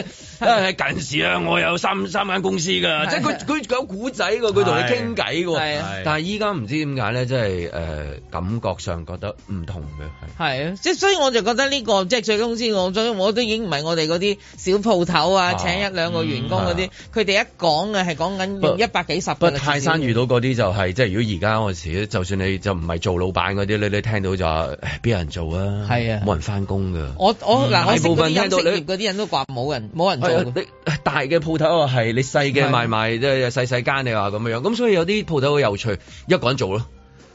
[SPEAKER 1] 係近時啊，我有三三間公司㗎，即係佢佢講古仔㗎，佢同是、啊、你傾偈㗎。係是、啊、但係依家唔知點解咧，即係誒、呃、感覺上覺得唔同嘅係。是啊，
[SPEAKER 2] 是啊、即所以我就覺得呢、這個即係、就是、最終先，我我都已經唔係我哋嗰啲小鋪頭啊，請一兩個員工嗰啲，佢哋、啊嗯、一講啊係講緊一百幾十不。不泰山遇
[SPEAKER 1] 到嗰啲就係、是、即係如果而家嗰時，就算你就唔係做老闆嗰啲咧，你聽到就話邊有人做啊？係啊，冇人翻工㗎。
[SPEAKER 2] 我、嗯、我嗱，我識業嗰啲人都話冇人冇人做。你
[SPEAKER 1] 大嘅鋪頭啊，係你細嘅賣賣即係細細間，你話咁樣樣。咁所以有啲鋪頭好有趣，一個人做咯。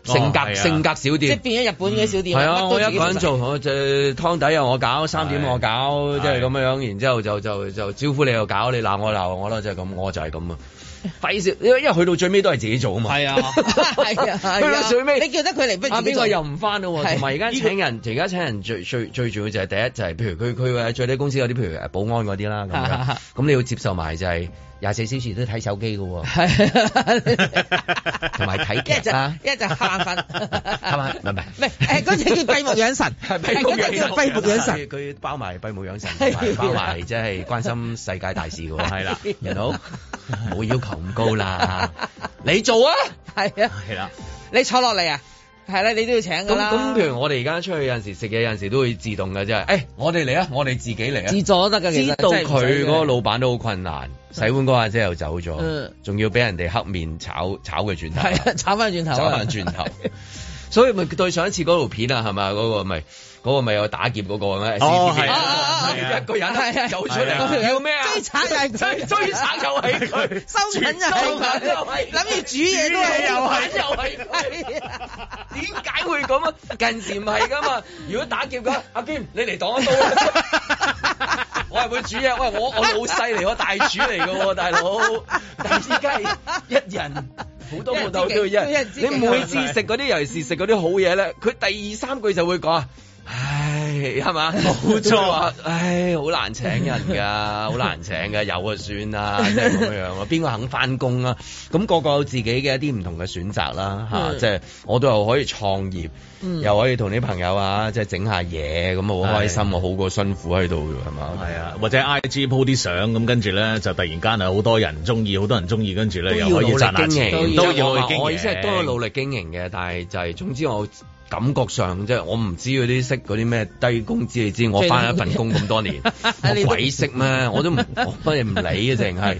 [SPEAKER 1] 性格性格小店，即係
[SPEAKER 2] 變咗日本嘅小店。係啊，我一個人
[SPEAKER 1] 做，就湯底又我搞，三點我搞，即係咁樣樣。然之後就就就招呼你又搞，你鬧我鬧我啦，即係咁，我就係咁啊。費事，因為因為去到最尾都係自己做啊嘛。係啊，係啊，
[SPEAKER 2] 去到最尾。你叫得佢嚟，邊個又唔返咯？同埋而家請人，而
[SPEAKER 1] 家請人最最最重要就係第一就係，譬如佢佢話最低工資有啲，譬如保安嗰啲啦，咁咁你要接受埋就係。廿四小時都睇手機噶喎，同埋睇，一就一就瞌
[SPEAKER 2] 眼瞓，係咪？唔係，唔係，誒嗰陣叫閉目養神，
[SPEAKER 1] 係咪？ 閉目養神，佢包埋閉目養神，養神包埋即係關心世界大事噶喎，係啦、 嗯。人好，冇 要求咁高啦，你做啊？
[SPEAKER 2] 係 的 啊，係啦，你坐落嚟啊！係啦你都要請噶啦。咁譬
[SPEAKER 1] 如我哋而家出去有陣時食嘢，有陣時都會自動嘅啫。誒、欸，我哋嚟啊，我哋自己嚟啊，自助都
[SPEAKER 2] 得噶。知道佢個老
[SPEAKER 1] 闆都好困難，洗碗下之後又走咗，仲、嗯、要俾人哋黑面炒炒嘅轉
[SPEAKER 2] 頭，炒翻轉頭，炒翻
[SPEAKER 1] 轉頭。所以咪對上一次嗰條片啊，係咪？嗰、那個咪。嗰個咪有打劫嗰個咩？一個
[SPEAKER 2] 人就出嚟，要咩啊？最慘又係佢，收錢又係，諗住煮嘢都係又係又係。點解會咁啊？近時唔係噶嘛？
[SPEAKER 1] 如果打劫㗎，阿堅你嚟擋一刀我係會煮嘢，喂我我老細嚟，我大廚嚟嘅喎，大佬。
[SPEAKER 2] 而家係一人，好多鋪頭都係一。你每次食
[SPEAKER 1] 嗰啲，尤其是食嗰啲好嘢咧，佢第二三句就會講啊。唉，係嘛？冇錯啊！唉，好難請人㗎，好 難請㗎。有就算啦，即係咁樣 啊。邊個肯返工啊？咁個個有自己嘅一啲唔同嘅選擇啦，吓、嗯，即係、啊就是、我都又可以創業，嗯、又可以同啲朋友啊，即係整下嘢咁啊，好開心啊，是好過辛苦喺度㗎，係嘛？啊，或者 IG 鋪啲相
[SPEAKER 3] 咁，跟住咧就突然間有好多人中意，好多人中意，跟住咧又可以賺錢，都要努力經
[SPEAKER 1] 營，都我意思係都努力經營嘅，營但係就係、是、總之我。感覺上即係，我唔知嗰啲識嗰啲咩低工資，你知我返一份工咁多年，我鬼識咩？我都唔，我乜唔理嘅，淨係。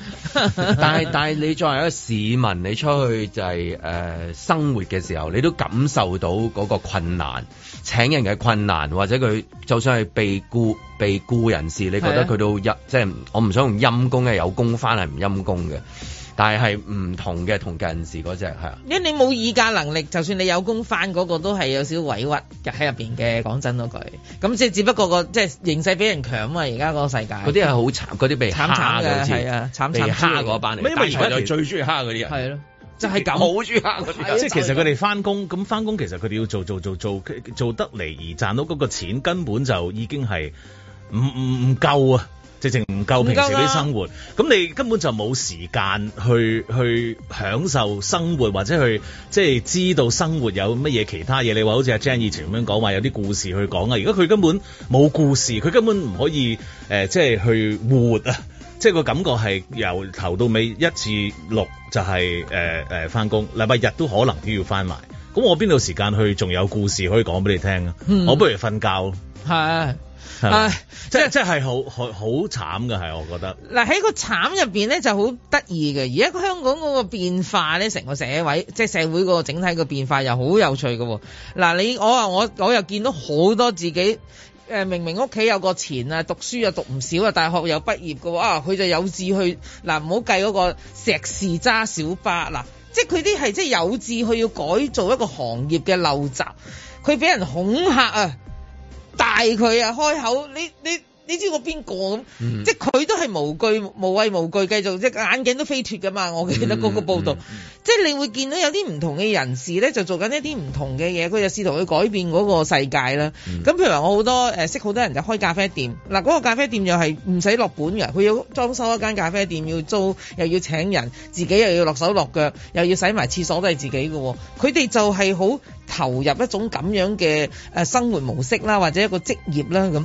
[SPEAKER 2] 但係但係
[SPEAKER 1] 你作為一個市民，你出去就係、是、誒、呃、生活嘅時候，你都感受到嗰個困難，請人嘅困難，或者佢就算係被僱被僱人士，你覺得佢都一是、啊、即係我唔想用陰公嘅有工返係唔陰公嘅。但係唔同嘅同近時嗰只係啊，
[SPEAKER 2] 因為你冇議價能力，就算你有工翻嗰個都係有少少委屈喺入面嘅。講真嗰句，咁即係只不過個即係形勢俾人強啊！而家嗰個世界，嗰啲係好
[SPEAKER 1] 慘，嗰啲被慘慘嘅，係慘慘慘被蝦嗰、啊、班嚟。因為財團最中意蝦嗰啲人，係
[SPEAKER 2] 咯、啊，就係、是、咁，好中意蝦嗰啲、啊。就是、即係其實
[SPEAKER 3] 佢哋翻工，咁翻工其實佢哋要做做做做做得嚟而賺到嗰個錢根本就已經係唔唔唔夠啊！直情唔夠平時啲生活，咁你根本就冇時間去去享受生活，或者去即係知道生活有乜嘢其他嘢。你話好似阿 Jan 以前咁樣講話，有啲故事去講啊。如果佢根本冇故事，佢根本唔可以誒、呃，即係去活啊！即係個感覺係由頭到尾一至六就係誒誒翻工，禮拜日都可能都要翻埋。咁我邊度時間去仲有故事可以講俾你聽啊？嗯、我不如瞓覺。係。
[SPEAKER 2] 啊！是唉即係即係是，好好好
[SPEAKER 3] 慘噶係我覺得。
[SPEAKER 2] 嗱喺個慘入邊咧，就好得意嘅。而家香港嗰個變化咧，成個社會即係社會個整體個變化，又好有趣嘅、哦。嗱，你我啊，我我，我又見到好多自己誒、呃，明明屋企有個錢啊，讀書又讀唔少啊，大學又畢業嘅，啊，佢就有志去嗱，唔好計嗰個碩士揸小巴嗱，即係佢啲係即係有志去要改造一個行業嘅陋習，佢俾人恐嚇啊！大佢啊！開口呢呢。你你你知我邊個咁？嗯、即係佢都係無懼無畏無懼，繼續即眼鏡都飛脱嘅嘛！我記得嗰個報導，嗯嗯嗯、即係你會見到有啲唔同嘅人士咧，就做緊一啲唔同嘅嘢，佢就試圖去改變嗰個世界啦。咁、嗯、譬如話，我好多誒識好多人就開咖啡店，嗱嗰、嗰個咖啡店又係唔使落本嘅，佢要裝修一間咖啡店，要租又要請人，自己又要落手落腳，又要洗埋廁所都係自己嘅。佢哋就係好投入一種咁樣嘅誒生活模式啦，或者一個職業啦咁。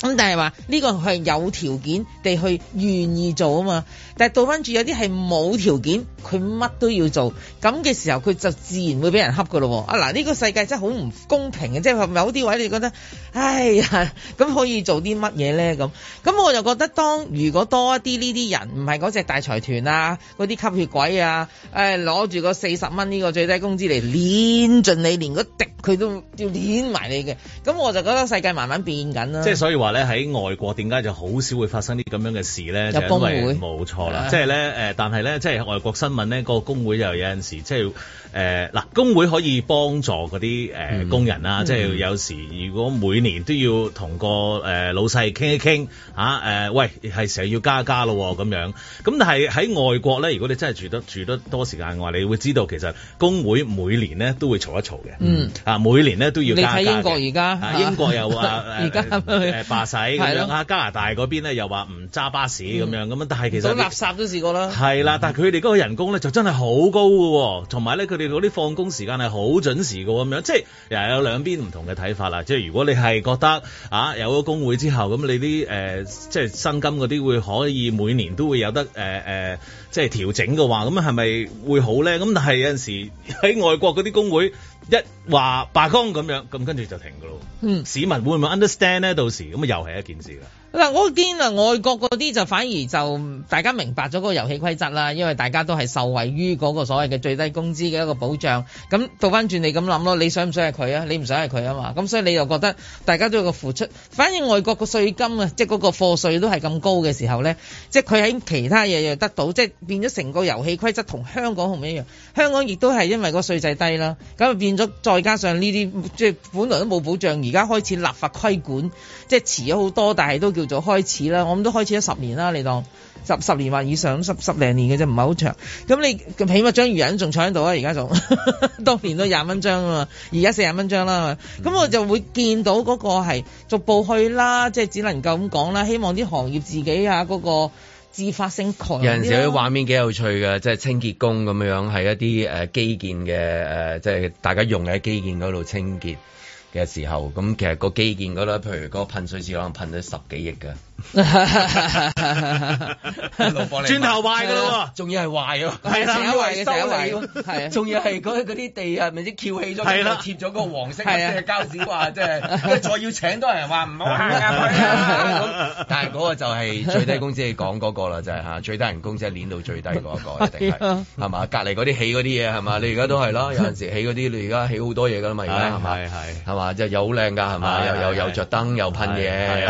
[SPEAKER 2] 咁但係話呢個佢係有條件地去願意做啊嘛，但係倒翻住，有啲係冇條件，佢乜都要做，咁嘅時候佢就自然會俾人恰噶咯。啊嗱，呢個世界真係好唔公平嘅，即係有啲位你覺得，哎呀，咁可以做啲乜嘢呢？」咁，咁我就覺得當如果多一啲呢啲人，唔係嗰隻大財團啊，嗰啲吸血鬼啊，誒、哎，攞住個四十蚊呢個最低工資嚟碾盡你，連個滴佢都要碾埋你嘅，咁我就覺得世界慢慢變緊啦。即係所以話。
[SPEAKER 3] 咧喺外國點解就好少會發生啲咁樣嘅事咧？就因為冇錯啦，即係咧誒，但係咧即係外國新聞咧，個工會就有陣時，即係。誒嗱、呃，工會可以幫助嗰啲、呃嗯、工人啦，即係有時如果每年都要同個、呃、老細傾一傾嚇、啊呃、喂係成日要加加咯咁樣。咁但係喺外國咧，如果你真係住得住得多時間嘅話，你會知道其實工會每年咧都會嘈一嘈嘅。嗯，啊每年咧都要加加。你睇英國而家、啊，英國又話而家誒罷駛咁樣啊，就是、加拿大嗰邊咧又話唔揸巴士咁樣咁樣。但係其實倒
[SPEAKER 2] 垃圾都試過啦。係
[SPEAKER 3] 啦、嗯，但係佢哋嗰個人工咧就真係好高喎，同埋咧你嗰啲放工時間係好準時嘅，咁樣，即係又有兩邊唔同嘅睇法啦。即係如果你係覺得啊有咗工會之後，咁你啲誒、呃、即係薪金嗰啲會可以每年都會有得誒誒、呃、即係調整嘅話，咁係咪會好咧？咁但係有陣時喺外國嗰啲工會一話罷工咁樣，咁跟住就停嘅咯。嗯，市民會唔會 understand 咧？到時，咁又係一件事啦。
[SPEAKER 2] 嗱，我見啊外國嗰啲就反而就大家明白咗個遊戲規則啦，因為大家都係受惠於嗰個所謂嘅最低工資嘅一個保障。咁倒翻轉你咁諗咯，你想唔想係佢啊？你唔想係佢啊嘛？咁所以你又覺得大家都有個付出，反而外國個稅金啊，即係嗰個貨稅都係咁高嘅時候呢，即係佢喺其他嘢又得到，即係變咗成個遊戲規則同香港唔一樣。香港亦都係因為個稅制低啦，咁啊變咗再加上呢啲，即係本來都冇保障，而家開始立法規管，即係遲咗好多，但係都。叫做開始啦，我諗都開始咗十年啦，你當十十年或以上十十零年嘅啫，唔係好長。咁你起碼張魚人仲坐喺度啊，而家仲當年都廿蚊張啊嘛，而家四十蚊張啦。咁、嗯、我就會見到嗰個係逐步去啦，即、就、係、是、只能夠咁講啦。希望啲行業自己啊嗰、那個自發性擴。有陣時啲畫
[SPEAKER 1] 面幾有趣嘅，即、就、係、是、清潔工咁樣，係一啲、呃、基建嘅即係大家用喺基建嗰度清潔，嘅時候，咁其實個基建嗰度，譬如個噴水池可能噴咗十幾億㗎。
[SPEAKER 2] 哈哈哈！哈哈哈！哈，轉頭壞噶咯，
[SPEAKER 1] 仲要係壞喎，係啦，收尾，啊，仲要係嗰啲地啊，唔知翹起咗，係啦，貼咗個黃色嘅，即係膠紙，話即係再要請多人話唔好行，但係嗰個就係最低工資你講嗰個啦，就係吓最低人工即係捏到最低嗰個一定係，係嘛？隔籬嗰啲起嗰啲嘢，係嘛？你而家都係咯，有陣時起嗰啲你而家起好多嘢噶啦嘛，而家係嘛？係嘛？即係又好靚噶係嘛？又又又着燈又噴嘢，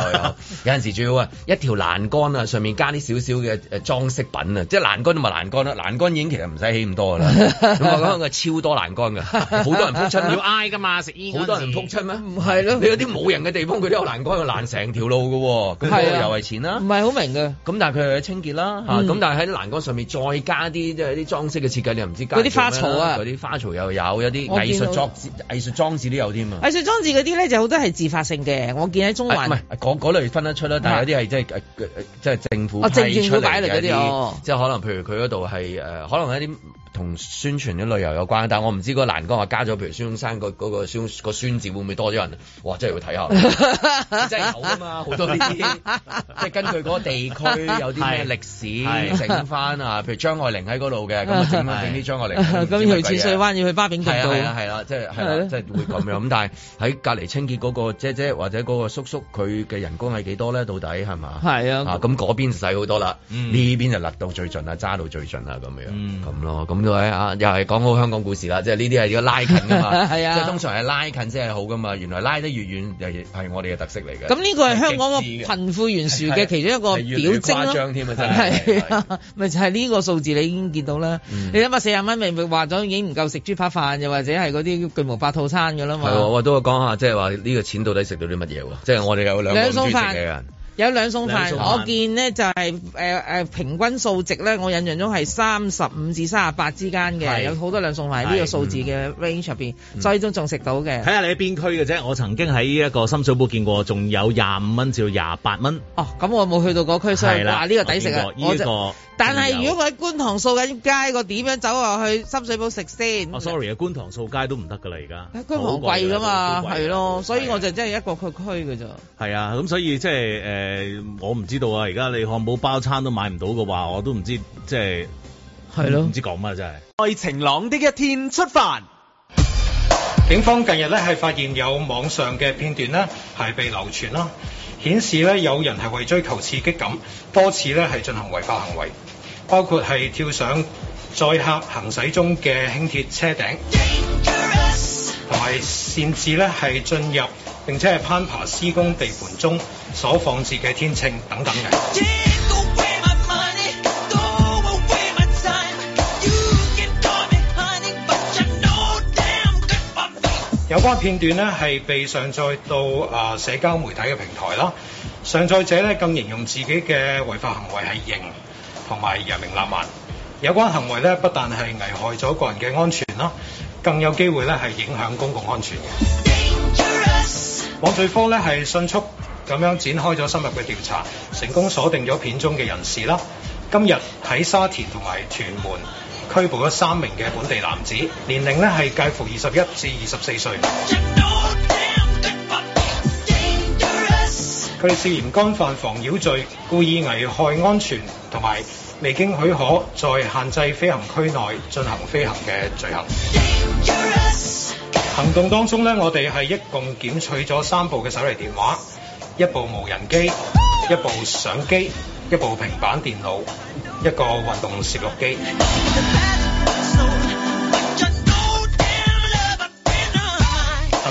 [SPEAKER 1] 有陣時主要。一條欄杆啊，上面加啲少少嘅誒裝飾品啊，即係欄杆同埋欄杆啦，欄杆已經其實唔使起咁多噶啦。我講嘅超多欄杆噶，好多人撲出，要
[SPEAKER 2] 挨噶嘛，食煙好多人撲出咩？唔
[SPEAKER 1] 係咯，你有啲冇人嘅地方，佢都有欄杆，佢爛成條路噶喎。咁又係錢啦，唔係好明嘅。咁但係佢又係清潔啦，咁但係喺欄杆上面再加啲即係啲裝飾嘅設計，你又唔知加啲咩？嗰啲花槽啊，啲花槽又有，有啲藝術裝置、藝術裝置都有添啊。藝
[SPEAKER 2] 術裝置嗰啲咧就好多係自發性嘅。我見喺中環，唔
[SPEAKER 1] 係，嗰類分得出啦，但啲係真係誒即係政府計出嘅啲，即係、啊哦、可能譬如佢嗰度係誒，可能係一啲。同宣傳啲旅遊有關，但係我唔知嗰個欄杆啊加咗，譬如孫中山個嗰個孫字會唔會多咗人？哇！真係要睇下，真係有啊嘛！好多呢啲，即係根據嗰個地區有啲咩歷史整翻啊。譬如張愛玲喺嗰度嘅，咁啊整啊整啲張愛玲。咁佢去淺水灣，要去巴邊徑係啦係啦，即係係即係會咁樣。咁但係喺隔離清潔嗰個姐姐或者嗰個叔叔，佢嘅人工係幾多咧？到底係嘛？
[SPEAKER 2] 係啊，
[SPEAKER 1] 咁嗰邊就使好多啦。呢邊就勒到最盡啊，揸到最盡啊，咁樣咁咯咁。咁啊，又係講好香港故事啦，即係呢啲係要拉近㗎嘛， 啊、即係通常係拉近先係好噶嘛，原來拉得越遠係係我哋嘅特色嚟嘅。咁呢個係香港嘅
[SPEAKER 2] 貧富懸殊嘅其中一個表徵添啊，真係。咪 就係呢個數字你已經見到啦。嗯、你諗下四十蚊，明明話咗已經唔夠食豬扒飯，又或者係嗰啲巨無霸套餐噶啦嘛。係喎，我
[SPEAKER 1] 都講下，即係話呢個錢到底食到啲乜嘢？ 即係我哋有兩兩餸飯。
[SPEAKER 2] 有兩餸飯，餸我見咧就係、是、誒、呃呃、平均數值咧，我印象中係三十五至三十八之間嘅，是有好多兩餸飯喺呢個數字嘅 range 入面，是所以都仲食到嘅。睇下、
[SPEAKER 3] 嗯嗯、你喺邊區嘅啫，我曾經喺一個深水埗見過，仲有廿五蚊至到廿八蚊。哦，咁、嗯、我冇去到嗰區，所以話呢的、呢個抵食啊！
[SPEAKER 2] 但係如果佢喺觀塘掃緊街，個點有樣走落去深水埗食先？哦、oh,，sorry
[SPEAKER 3] 啊，觀塘掃街都唔得噶啦，而家好貴噶嘛，係
[SPEAKER 2] 咯的，所以我就真係一個區區㗎啫。
[SPEAKER 3] 係啊，咁所以即係誒，我唔知道啊。而家你漢堡包餐都買唔到嘅話，我都唔知即係係咯，唔、就是的嗯、知講乜真係。在晴朗的一天出發。
[SPEAKER 4] 警方近日咧係發現有網上嘅片段啦，係被流傳啦，顯示咧有人係為追求刺激感，多次咧係進行違法行為。包括係跳上載客行駛中嘅輕鐵車頂，同埋擅自咧係進入並且係攀爬施工地盤中所放置嘅天秤等等嘅。有關片段咧係被上載到啊社交媒體嘅平台啦，上載者咧更形容自己嘅違法行為係型。同埋揚名立萬，有關行為咧，不但係危害咗個人嘅安全啦，更有機會咧係影響公共安全嘅。Danger ous 網罪科咧係迅速咁樣展開咗深入嘅調查，成功鎖定咗片中嘅人士啦。今日喺沙田同埋屯門拘捕咗三名嘅本地男子，年齡咧係介乎二十一至二十四歲。佢哋涉嫌干犯妨擾罪、故意危害安全同埋未經許可在限制飛行區內進行飛行嘅罪行。行動當中咧，我哋係一共檢取咗三部嘅手提電話、一部無人機、一部相機、一部平板電腦、一個運動攝錄機。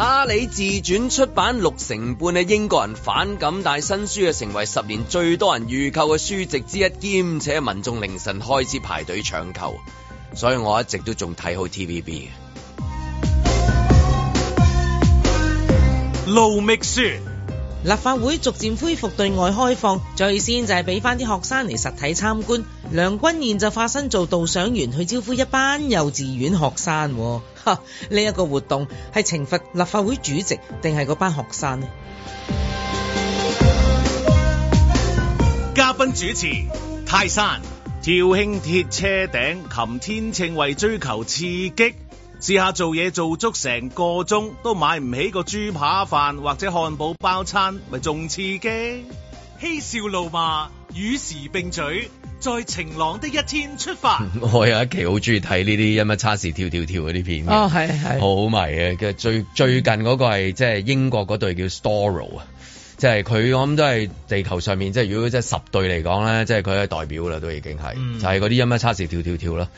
[SPEAKER 1] 《哈里自傳》出版六成半嘅英國人反感，但係新書嘅成為十年最多人預購嘅書籍之一，兼且民眾凌晨開始排隊搶購，所以我一直都仲睇好 TVB 盧覓雪。
[SPEAKER 2] 立法會逐漸恢復對外開放，最先就係俾翻啲學生嚟實體參觀。梁君彥就化身做導賞員去招呼一班幼稚園學生。哈、啊，呢、這、一個活動係懲罰立法會主席定係嗰班學生呢？嘉賓主持：
[SPEAKER 3] 泰山，跳輕鐵車頂，擒天秤，為追求刺激。試下做嘢做足成個鐘，都買唔起個豬扒飯或者漢堡包餐，咪仲刺激？嬉笑怒罵，與時並嘴，在晴
[SPEAKER 2] 朗的一天出發。
[SPEAKER 1] 我有一期好中意睇呢啲音米叉時跳跳跳嗰啲片，哦係，係好迷啊！最最近嗰個係即係英國嗰隊叫 Storrow 啊，即係佢我諗都係地球上面，即係如果即係十隊嚟講咧，即係佢係代表啦都已經係，嗯、就係嗰啲音米叉時跳跳跳啦。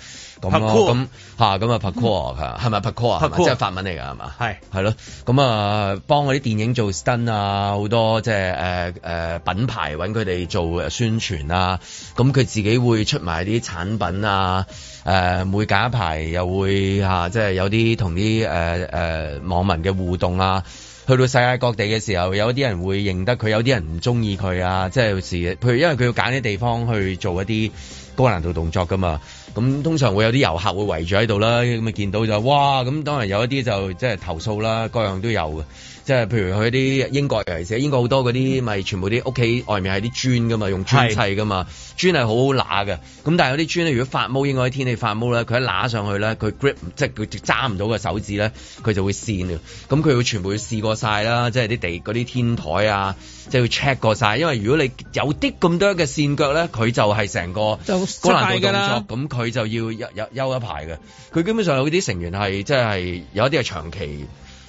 [SPEAKER 1] 咁咯，咁嚇咁啊，拍酷啊，係咪拍酷啊？拍酷即係法文嚟㗎，係嘛？係係咯，咁啊，幫嗰啲電影做 stunt 啊，好多即係誒誒品牌揾佢哋做宣傳啊。咁佢自己會出埋啲產品啊。誒，每隔一排又會，即係有啲同啲誒網民嘅互動啊。去到世界各地嘅時候，有啲人會認得佢，有啲人唔中意佢啊。即係有時譬如因為佢要揀啲地方去做一啲高難度動作㗎嘛。咁通常會有啲遊客會圍住喺度啦，咁咪見到就哇！咁當然有一啲就即係投訴啦，各樣都有嘅。即係譬如去啲英國人士，尤其英國好多嗰啲咪全部啲屋企外面係啲磚噶嘛，用磚砌噶嘛，是磚係好好揦嘅。咁但係有啲磚咧，如果發毛，英國啲天氣發毛咧，佢一揦上去咧，佢 grip 即係佢揸唔到個手指咧，佢就會跣嘅。咁佢會全部要試過晒啦，即係啲地嗰啲天台啊，就要 check 過晒。因為如果你有啲咁多嘅線腳咧，佢就係成個好難做動作咁佢就要休休一排嘅，佢基本上有啲成員係即係有一啲係長期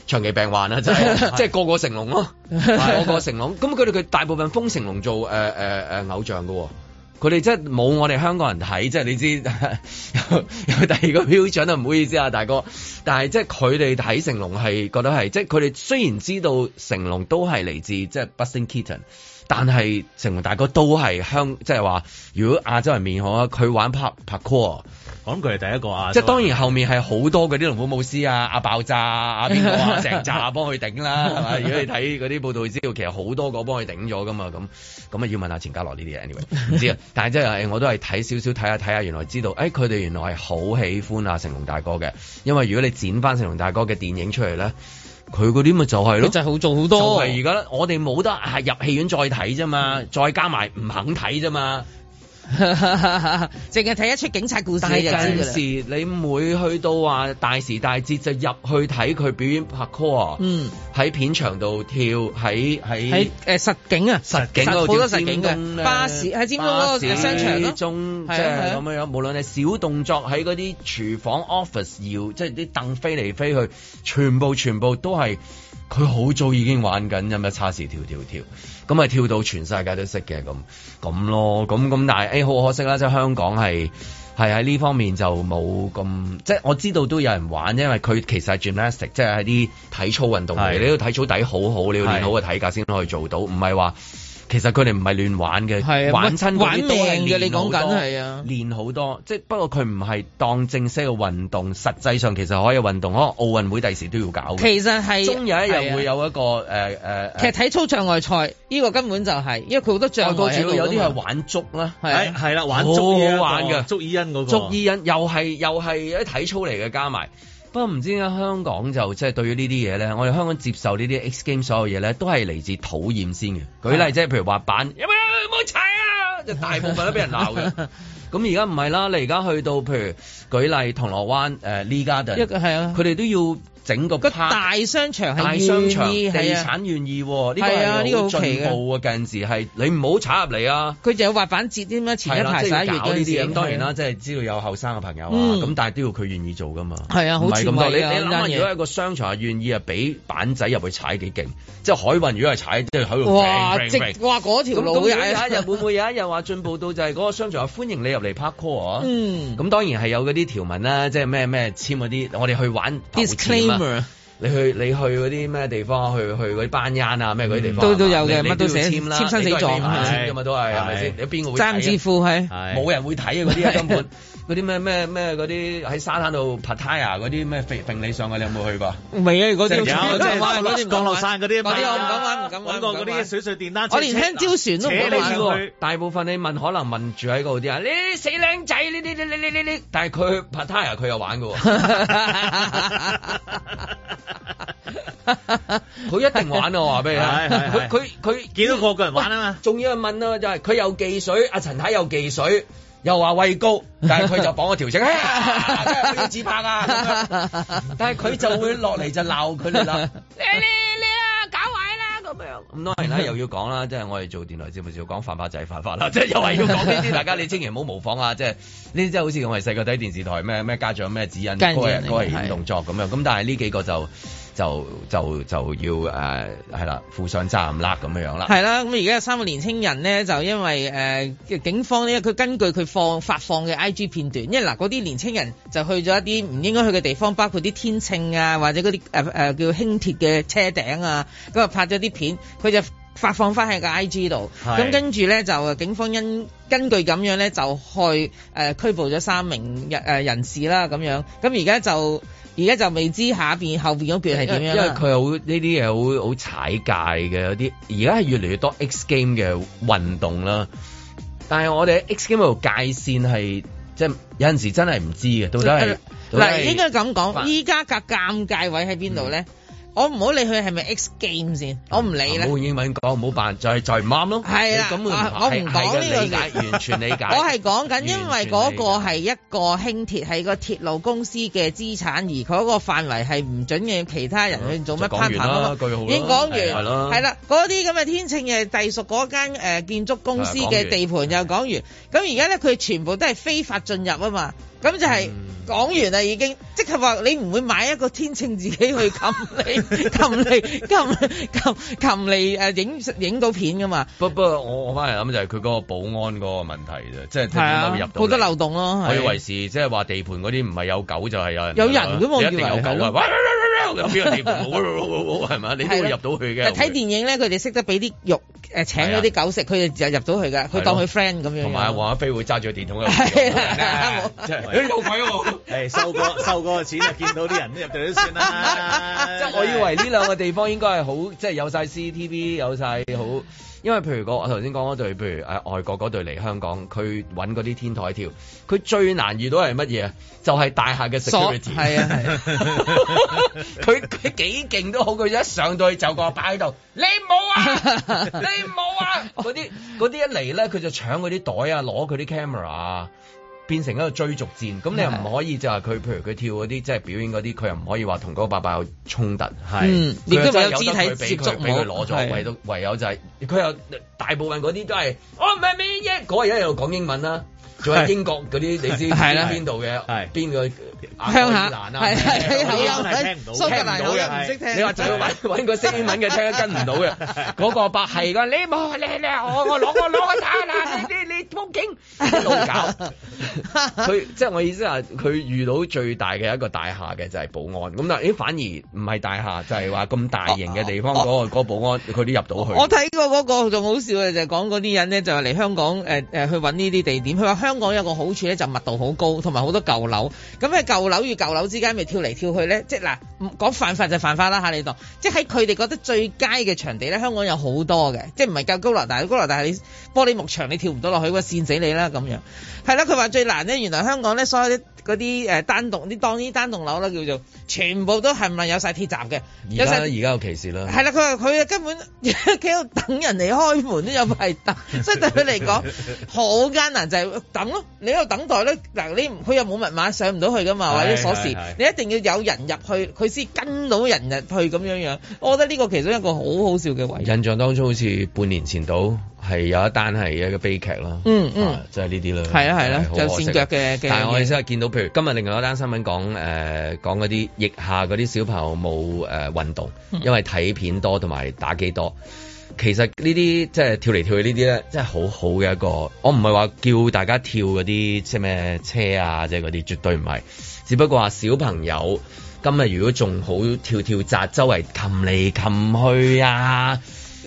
[SPEAKER 1] 長期病患啦，即係即係個個成龍咯，
[SPEAKER 2] 個
[SPEAKER 1] 成龍，咁佢哋佢大部分封成龍做誒誒誒偶像嘅，佢哋即係冇我哋香港人睇，即係你知 有，有第二個標準啊，唔好意思啊大哥，但係即係佢哋睇成龍係覺得係，即係佢哋雖然知道成龍都係嚟自即係 Bussing Kitten 但係成龍大哥都係香，即係話，如果亞洲人面好啊，佢玩 parkour 我諗佢係第一個啊！即係當然後面係好多嗰啲龍虎武師啊，阿爆炸啊，阿邊個啊，成炸幫佢頂啦，如果你睇嗰啲報道，資料，其實好多個幫佢頂咗噶嘛，咁咁啊，要問阿錢嘉樂呢啲嘢，anyway 唔知啊，但係真係我都係睇少少，睇下睇下，原來知道，誒佢哋原來係好喜歡阿成龍大哥嘅，因為如果你剪翻成龍大哥嘅電影出嚟咧。佢嗰啲咪就係咯，就係好做好多。而家我哋冇得係入戲院再睇啫嘛，再加埋唔肯睇啫嘛。
[SPEAKER 2] 淨係睇一出警察故事，時
[SPEAKER 1] 間你每去到話大時大節就入去睇佢表演拍 call 啊！嗯，喺片場度跳，喺喺喺
[SPEAKER 2] 誒實景啊，實景嗰度跳，尖東巴士喺尖東嗰個商場咯，中啫咁
[SPEAKER 1] 樣樣，啊、無論係小動作喺嗰啲廚房 office 搖，即係啲凳飛嚟飛去，全部全部都係佢好早已經玩緊，有冇叉時跳跳跳？跳咁咪跳到全世界都識嘅咁咁咯，咁咁但係誒好可惜啦，即係香港係係喺呢方面就冇咁即係我知道都有人玩，因為佢其實係 gymnastic，即係喺啲體操運動嚟，是的 你要體操底好好，你要練好個體格先可以做到，唔係話。其實佢哋唔係亂玩嘅，啊、玩親玩命嘅。你講緊係啊，練好多，即係不過佢唔係當正式嘅運動，實際上其實可以運動，可能奧運會第時都要搞。其實
[SPEAKER 2] 係終有一日會有
[SPEAKER 1] 一個誒誒，啊呃呃、其實
[SPEAKER 2] 體操障礙賽呢個根本就係、是，因為佢好多障礙，主要有啲係玩
[SPEAKER 1] 足啦，係係啦玩足，哦、好玩嘅足伊恩嗰、那個，足伊恩又係又係一體操嚟嘅加埋。不過唔知點解香港就即係對於呢啲嘢咧，我哋香港接受呢啲 X game 所有嘢咧，都係嚟自討厭先嘅。是啊、舉例即係譬如滑板，
[SPEAKER 2] 有冇冇踩啊！就大部分都俾人鬧
[SPEAKER 1] 嘅。咁而家唔係啦，你而家去到譬如舉例銅鑼灣誒 Lee Garden 一係啊，佢哋都要。整個大
[SPEAKER 2] 商場係商場，地產
[SPEAKER 1] 願意，呢個係好進步啊！近時係你唔好踩入嚟啊！
[SPEAKER 2] 佢就有滑板節啲咩前一排搞呢啲咁。當然啦，
[SPEAKER 1] 即係知道有後生嘅朋友啊，咁但係都要佢願意做噶嘛。係啊，唔係咁多你你諗下，如果一個商場願意啊，俾板仔入去踩幾勁，即係海運如果係踩即係喺度哇直哇
[SPEAKER 2] 嗰條路，咁有一日
[SPEAKER 1] 會唔會有一日話進步到就係嗰個商場歡迎你入嚟拍 call？啊。咁當然係有嗰啲條文啦，即係咩咩簽嗰啲，我哋去玩。你去你去嗰啲咩地方？去去嗰啲班巖啊咩嗰啲
[SPEAKER 2] 地方都都有嘅，乜都寫簽啦，簽生死狀噶嘛，都係係咪先？你邊個會睇？詹姆斯係冇人
[SPEAKER 1] 會睇啊！嗰啲根本。嗰啲咩咩咩嗰啲喺沙灘度 Pattaya 嗰啲咩肥理上嘅，你，你有冇去過？
[SPEAKER 2] 未啊，嗰啲成日即玩
[SPEAKER 1] 降落傘嗰啲，
[SPEAKER 3] 嗰啲我唔敢玩，唔敢玩嗰啲
[SPEAKER 1] 水上電單
[SPEAKER 3] 車我連香蕉
[SPEAKER 2] 船都唔敢玩。
[SPEAKER 1] 大部分你問可能問住喺嗰度啲啊，你
[SPEAKER 2] 死靚仔呢啲你呢你呢
[SPEAKER 1] 但係佢 Pattaya 佢又玩
[SPEAKER 2] 嘅，
[SPEAKER 1] 佢 一定玩我話俾你聽。佢佢佢幾多個個人玩啊嘛？仲要問啊，就係佢有技水，阿陳太有技水。又話畏高，但係佢就綁咗條繩、哎、呀要自拍啊！但係佢就會落嚟就鬧佢哋
[SPEAKER 2] 啦，你你你啊，搞壞啦咁樣。
[SPEAKER 1] 咁當然啦，又要講啦，即、就、係、是、我哋做電台節目就要講犯法就係犯法啦，即係 又係要講呢啲。 大家你千祈唔好模仿啊！即係呢啲即係好似我哋細個睇電視台咩咩家長咩指引，個人個危險動作咁樣。咁但係呢幾個就。就就就要誒，係啦，負上責任咁樣樣啦。係
[SPEAKER 2] 啦，咁而家有三個年青人呢，就因為誒、呃、警方呢，佢根據佢放發放嘅 I G 片段，因為嗱嗰啲年青人就去咗一啲唔應該去嘅地方，包括啲天秤啊，或者嗰啲誒叫輕鐵嘅車頂啊，咁啊拍咗啲片，佢就發放翻喺個 I G 度，咁是的 跟住咧就警方因根據咁樣咧就去誒、呃、拘捕咗三名人、呃、人士啦咁樣，咁而家就。而家就未知下邊後邊嗰橛係點樣因，因為佢
[SPEAKER 1] 好呢啲嘢好好踩界嘅嗰啲，而家係越嚟越多 X game 嘅運動啦。但係我哋 X game 嗰度界線係即係有陣時真係唔知嘅，到底係嗱、呃呃、應該
[SPEAKER 2] 咁講，依家尷尬位喺邊度咧？嗯我唔好理佢係咪 X game 先，我唔理啦。冇用
[SPEAKER 1] 英文講，唔好辦，就係、是、就唔啱咯。係啦的，咁我唔講呢個解，完全理解。 我係
[SPEAKER 2] 講緊，因為嗰個係一個輕鐵係個鐵路公司嘅資產，而嗰個範圍係唔准嘅其他人去、嗯、做乜 part。講完啦，講已經講完，係啦，嗰啲咁嘅天秤嘅隸屬嗰間誒建築公司嘅地盤又講完。咁而家咧，佢全部都係非法進入啊嘛。咁就係講完啦，已經即係話你唔會買一個天秤自己去擒你，擒 你，擒擒你。誒影影到片噶嘛？不
[SPEAKER 1] 不，我我翻嚟諗就係佢個保安嗰個問題啫，即係入到好
[SPEAKER 2] 多漏洞咯，我以為
[SPEAKER 1] 係即係話地盤嗰啲唔係有狗就係有有人咁我、啊、一定有狗啊！喂有邊 個地方好咯？好係咪？你都會入到去嘅。睇
[SPEAKER 2] 電影咧，佢哋識得俾啲肉誒請嗰啲狗食，佢哋就入到去嘅。佢的當佢 friend 咁的那樣。同埋
[SPEAKER 1] 黃一飛會揸住個電筒嘅。係有鬼喎！收過收過錢啊！見到啲人都入到算啦。即係 我以為呢兩個地方應該係好，即係有晒 CCTV，有晒好。因為譬如我頭先講嗰對，譬如誒外國嗰對嚟香港，佢揾嗰啲天台跳，佢最難遇到係乜嘢？就係大廈嘅 security。係啊係。佢佢幾勁都好，佢一上到去就個擺喺度，
[SPEAKER 2] 你冇啊，你冇啊！嗰啲
[SPEAKER 1] 嗰啲一嚟咧，佢就搶佢啲袋啊，攞佢啲 camera。變成一個追逐戰，咁你又唔可以就係佢，譬如佢跳嗰啲，即係表演嗰啲，佢又唔可以話同嗰個爸爸有衝突，係、嗯，亦都有讓他讓他肢體接觸俾佢攞咗，唯唯有就係、是，佢又大部分啲都係，哦唔係咩嘢，講英文啦。仲有英國嗰啲，你知知邊度嘅？邊個鄉下？係係口音係聽唔到，聽唔到人唔識聽。你話最好揾揾個識英文嘅聽都跟唔到嘅。嗰
[SPEAKER 2] 個八係噶，你冇你你我我
[SPEAKER 1] 攞我攞去打啦！你你你報警一路
[SPEAKER 2] 搞佢，
[SPEAKER 1] 即係我意思係佢遇到最大嘅一個大廈嘅就係保安。咁但係咦，反而唔係大廈，就係話咁大型嘅地方嗰個嗰保安佢都入到去。我
[SPEAKER 2] 睇過嗰個仲好笑嘅就係講啲人咧，就係嚟香港誒誒去揾呢啲地點。佢話香。香港有個好處咧，就密度好高，同埋好多舊樓。咁喺舊樓與舊樓之間，咪跳嚟跳去咧？即係嗱，講犯法就犯法啦喺你度，即係喺佢哋覺得最佳嘅場地咧，香港有好多嘅，即係唔係夠高樓大？高樓大係你玻璃幕牆，你跳唔到落去，個線死你啦咁樣。係啦，佢話最難咧，原來香港咧所有啲嗰啲誒單棟，你當呢單棟樓啦叫做，全部都係唔係有晒鐵閘嘅？而家而
[SPEAKER 1] 家有歧視啦。係啦，
[SPEAKER 2] 佢話佢根本企喺度等人嚟開門都有排等，所以對佢嚟講好艱難就係。等咯，你喺度等待咧？嗱，你佢又冇密碼上唔到去噶嘛，或者鎖匙。是是是你一定要有人入去，佢先跟到人入去咁樣樣。我覺得呢個其中一個好好笑嘅位。
[SPEAKER 1] 印象當中好似半年前到係有一單係一個悲劇啦。嗯嗯、啊，就係呢啲啦。係啊係啦，就擅腳嘅。但係我哋真係見到，譬如今日另外一單新聞講誒、呃、講嗰啲疫下嗰啲小朋友冇誒、呃、運動，嗯、因為睇片多同埋打機多。其實呢啲即係跳嚟跳去呢啲咧，真係好好嘅一個。我唔係話叫大家跳嗰啲即係咩車啊，即係嗰啲絕對唔係。只不過話小朋友今日如果仲好跳跳紮，周圍擒嚟擒去啊！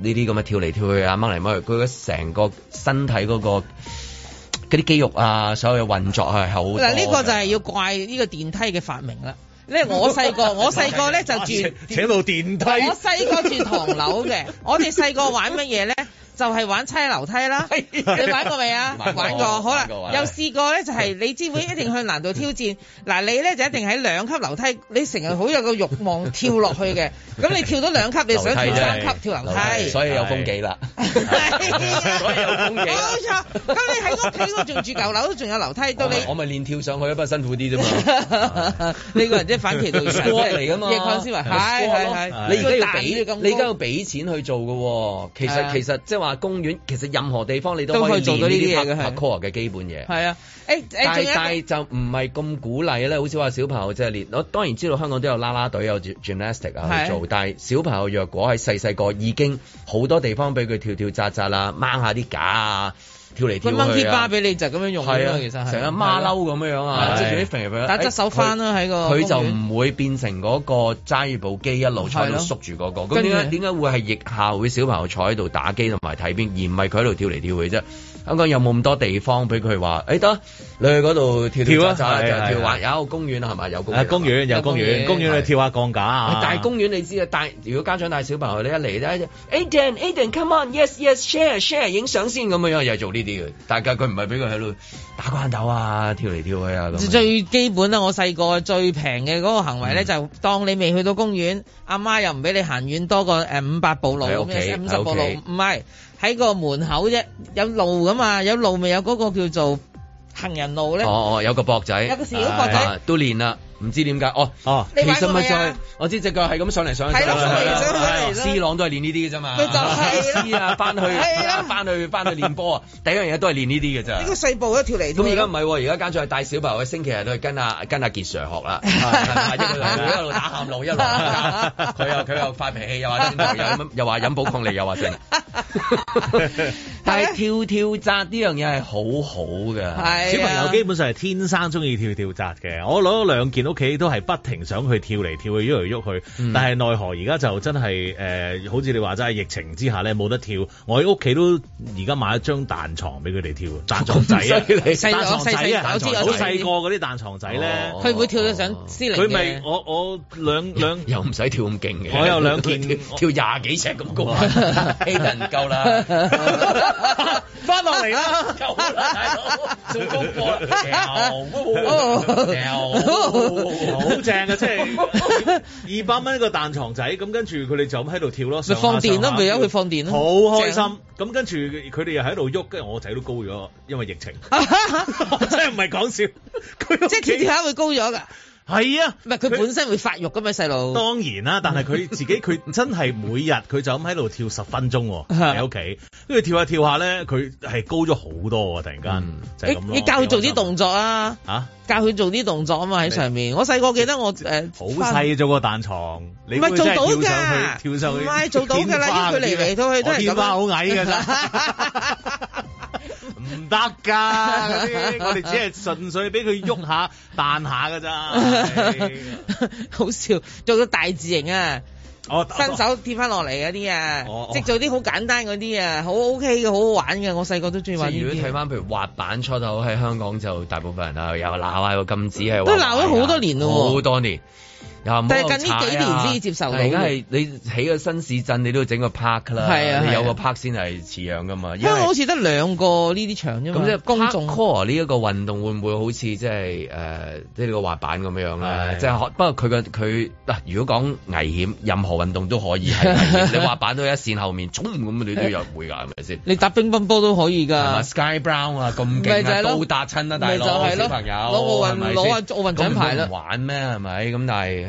[SPEAKER 1] 呢啲咁嘅跳嚟跳去啊，掹嚟掹去，佢成個身體嗰個，嗰啲肌肉啊，所有嘅運作係好。嗱，呢個就係
[SPEAKER 2] 要怪呢個電梯嘅發明啦。咧，我細個， 我細個咧就住請
[SPEAKER 1] 到電
[SPEAKER 3] 梯。我細個住唐樓
[SPEAKER 2] 嘅， 我哋細個玩乜嘢咧？就係玩差樓梯啦，你玩過未啊？玩過，好啦，有試過咧，就係你知唔知一定向難度挑戰嗱，你咧就一定喺兩級樓梯，你成日好有個慾望跳落去嘅，咁你跳到兩級，你想跳三級跳樓梯，所以有風紀啦，所以有風紀，冇錯。咁你喺屋企，我仲住舊樓都仲有樓梯，到你我
[SPEAKER 1] 咪練跳上去，不過辛苦啲啫嘛。呢個人即係反其道而行，嚟㗎嘛，思維，係係係。你而家要俾你而家要俾錢去做嘅喎，其實其實即係話。公園其實任何地方你都可以，都可以做到呢啲墢嘅嘅基本嘢係
[SPEAKER 2] 啊。誒但係
[SPEAKER 1] 就唔係咁鼓勵咧。好似話小朋友即係練。我當然知道香港都有啦啦隊有 gymnastic 啊去做，啊、但係小朋友若果喺細細個已經好多地方俾佢跳跳扎紮啦，掹下啲架啊。佢掹鐵巴
[SPEAKER 2] 俾你就咁樣用啊，其實成日孖騮咁樣樣啊，接住啲肥肥。啊、打側手翻啦、啊，喺、欸、個佢就唔
[SPEAKER 1] 會變成嗰個揸住部機，一路坐到縮住嗰個咁點解點解會係逆下會小朋友坐喺度打機同埋睇片，而唔係佢喺度跳嚟跳去啫、啊。香港有冇咁多地方俾佢話？誒、欸、得，你去嗰度跳跳，迫迫迫迫跳啊！就跳滑是有公園係咪有公園？公園，有公園，公園去跳下鋼架、啊、大帶公園你知啊！帶如果家長帶小朋友你一嚟咧，Aden，Aden，Come on，Yes，Yes，Share，Share，影相先咁樣樣又做呢啲嘅。但係佢唔係俾佢喺度打關鬥啊，跳嚟跳去啊咁。最
[SPEAKER 2] 基本啦，我細個最平嘅嗰個行為咧，嗯、就當你未去到公園，阿媽，媽又唔俾你行遠多個誒五百步路五十步路唔係。喺個門口啫，有路噶嘛，有路咪有嗰個叫做行人路咧。哦哦，
[SPEAKER 1] 有個博仔，有個小博仔，的啊、都練啦。唔知點解哦哦，其實咪再我知隻腳係咁上嚟上嚟上嚟，C 朗都係練呢啲嘅啫嘛，佢就係啦，翻去
[SPEAKER 2] 翻去翻去練波
[SPEAKER 1] 啊，第一樣嘢都係練呢啲嘅啫。呢個
[SPEAKER 2] 細步一跳嚟，咁而家
[SPEAKER 1] 唔係，而家乾脆帶小朋友喺星期日都去跟阿跟阿杰 Sir 學啦，
[SPEAKER 2] 一路
[SPEAKER 1] 打喊路一路，佢又佢又發脾氣，又話飲又又話飲補抗力，又話剩。跳跳紮呢樣嘢係好好嘅，小
[SPEAKER 3] 朋友基本上係天生中意跳跳紮嘅。我攞兩件屋企都係不停想去跳嚟跳去喐嚟喐去，但係奈何而家就真係誒，好似你話齋，疫情之下咧，冇得跳。我喺屋企都而家買咗一張彈床俾佢哋跳，彈床仔啊，彈床仔啊，好細個嗰啲彈床仔咧，佢會跳得上。撕離佢咪
[SPEAKER 1] 我我兩兩又唔使跳咁勁嘅，我有兩件跳廿幾尺咁高，氣夠啦。翻落嚟啦！啦 了， 做高
[SPEAKER 2] 好正啊！即係
[SPEAKER 3] 二百蚊一個彈床仔，咁跟住佢哋就咁喺度跳咯，咪放電咯，咪由佢
[SPEAKER 2] 放電咯，好開心！
[SPEAKER 3] 咁跟住佢哋又喺度喐，跟住我仔都高咗，因為疫情，
[SPEAKER 2] 即係真係唔係講笑，即係跳跳下會高咗噶。係啊，唔係佢本身會發育噶嘛，細路。當然啦，但係佢
[SPEAKER 3] 自己佢真係每日佢就咁喺度跳十分鐘喺屋企，跟住跳下跳下咧，佢係高咗好多喎，突然間就係咁。你教佢做啲動作啊？吓，
[SPEAKER 2] 教佢做啲動作啊嘛，喺上面。我細個記得我誒，好細咗個彈床，你唔係做到嘅，
[SPEAKER 3] 跳上去，唔係做到嘅啦，佢嚟嚟到去都係跳好矮噶啦。
[SPEAKER 2] 唔得噶嗰
[SPEAKER 3] 啲，我哋只係
[SPEAKER 2] 純粹俾佢喐下彈下噶咋。 好笑，做咗大字型啊！我、哦、新手貼翻落嚟嗰啲啊，即、哦、做啲好簡單嗰啲啊，好 OK 嘅，好好玩嘅。我細個都中意玩呢啲。如果睇翻譬
[SPEAKER 1] 如滑板出、桌頭，喺香港就大部分人都有鬧個禁止係都鬧咗好多年咯，好多年。但係近呢幾年先接受到，你起個新市鎮，你都要整個 park 啦，你有個 park 先係似樣噶嘛。因為好似
[SPEAKER 2] 得兩個呢啲場啫嘛。咁即係公
[SPEAKER 1] 眾 Parkour 呢一個運動會唔會好似即係即係個滑板咁樣啦？即係不過佢個佢嗱，如果講危險，任何運動都可以係危險。你滑板都一線後面衝咁，你都有人會㗎，係咪先？
[SPEAKER 2] 你打乒乓波都可以㗎。Sky Brown 啊，咁勁啊，冇打親啊，大佬小朋友，攞奧運攞個奧運獎牌
[SPEAKER 1] 玩咩係咪咁係？誒，係咯、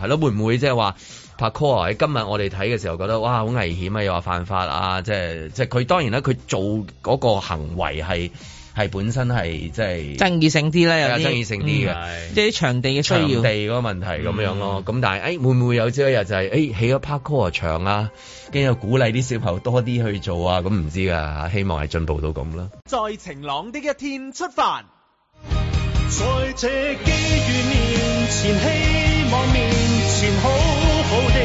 [SPEAKER 1] 呃，會唔會即係話拍 call 喺今日我哋睇嘅時候覺得哇，好危險啊，又話犯法啊，即係即係佢當然啦，佢做嗰個行為係係本身係即係
[SPEAKER 2] 爭議性啲咧，有啲爭議性啲嘅，
[SPEAKER 1] 是即係場地嘅需要、地嗰個問題咁、嗯、樣咯。咁但係誒，會唔會有朝、就是欸、一日就係誒起咗拍 call 場啊，跟住又鼓勵啲小朋友多啲去做啊？咁唔知噶，希望係進步到咁咯。
[SPEAKER 3] 在晴朗的一天出
[SPEAKER 4] 發。在這機遇面前，希望面前好好的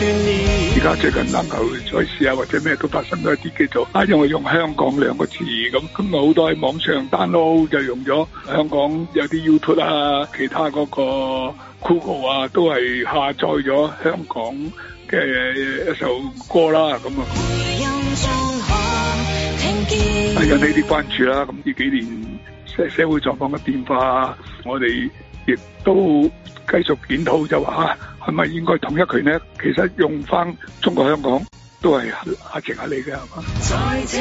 [SPEAKER 4] 鍛煉。而家最近籃球賽事啊，或者咩都發生咗一啲叫做，啊，因為用香港兩個字咁咁啊，好多喺網上 download 就用咗香港有啲 YouTube 啊，其他嗰個 Google 啊，都係下載咗香港嘅一首歌啦，咁啊。引起呢啲關注啦，咁呢幾年。即係社會狀況嘅變化，我哋亦都繼續檢討，就話嚇係咪應該統一佢呢？其實用翻中國香港都係合情合理嘅，係嘛？在這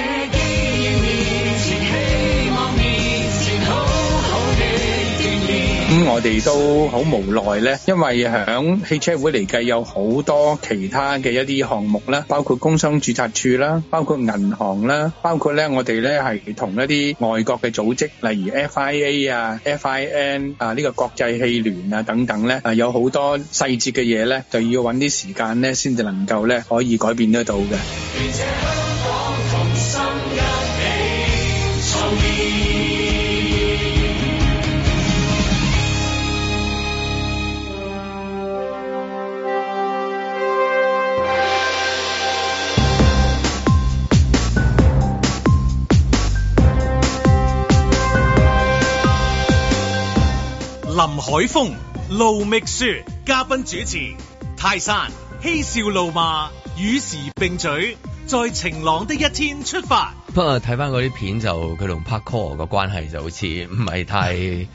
[SPEAKER 4] 咁我哋都好無奈呢，因為喺汽車會嚟計，有好多其他嘅一啲項目啦，包括工商註冊處啦，包括銀行啦，包括呢我哋呢係同一啲外國嘅組織，例如 FIA 啊、FIN 啊呢個國際汽聯啊等等呢，啊有好多細節嘅嘢呢，就要揾啲時間呢先至能夠呢可以改變得到嘅。
[SPEAKER 3] 林海峰、盧覓雪嘉賓主持，泰山嬉笑怒罵，與時並嘴，在晴朗的一天出發。
[SPEAKER 1] 不過睇翻嗰啲片就，佢同 Parkour 嘅關係就好似唔係太 即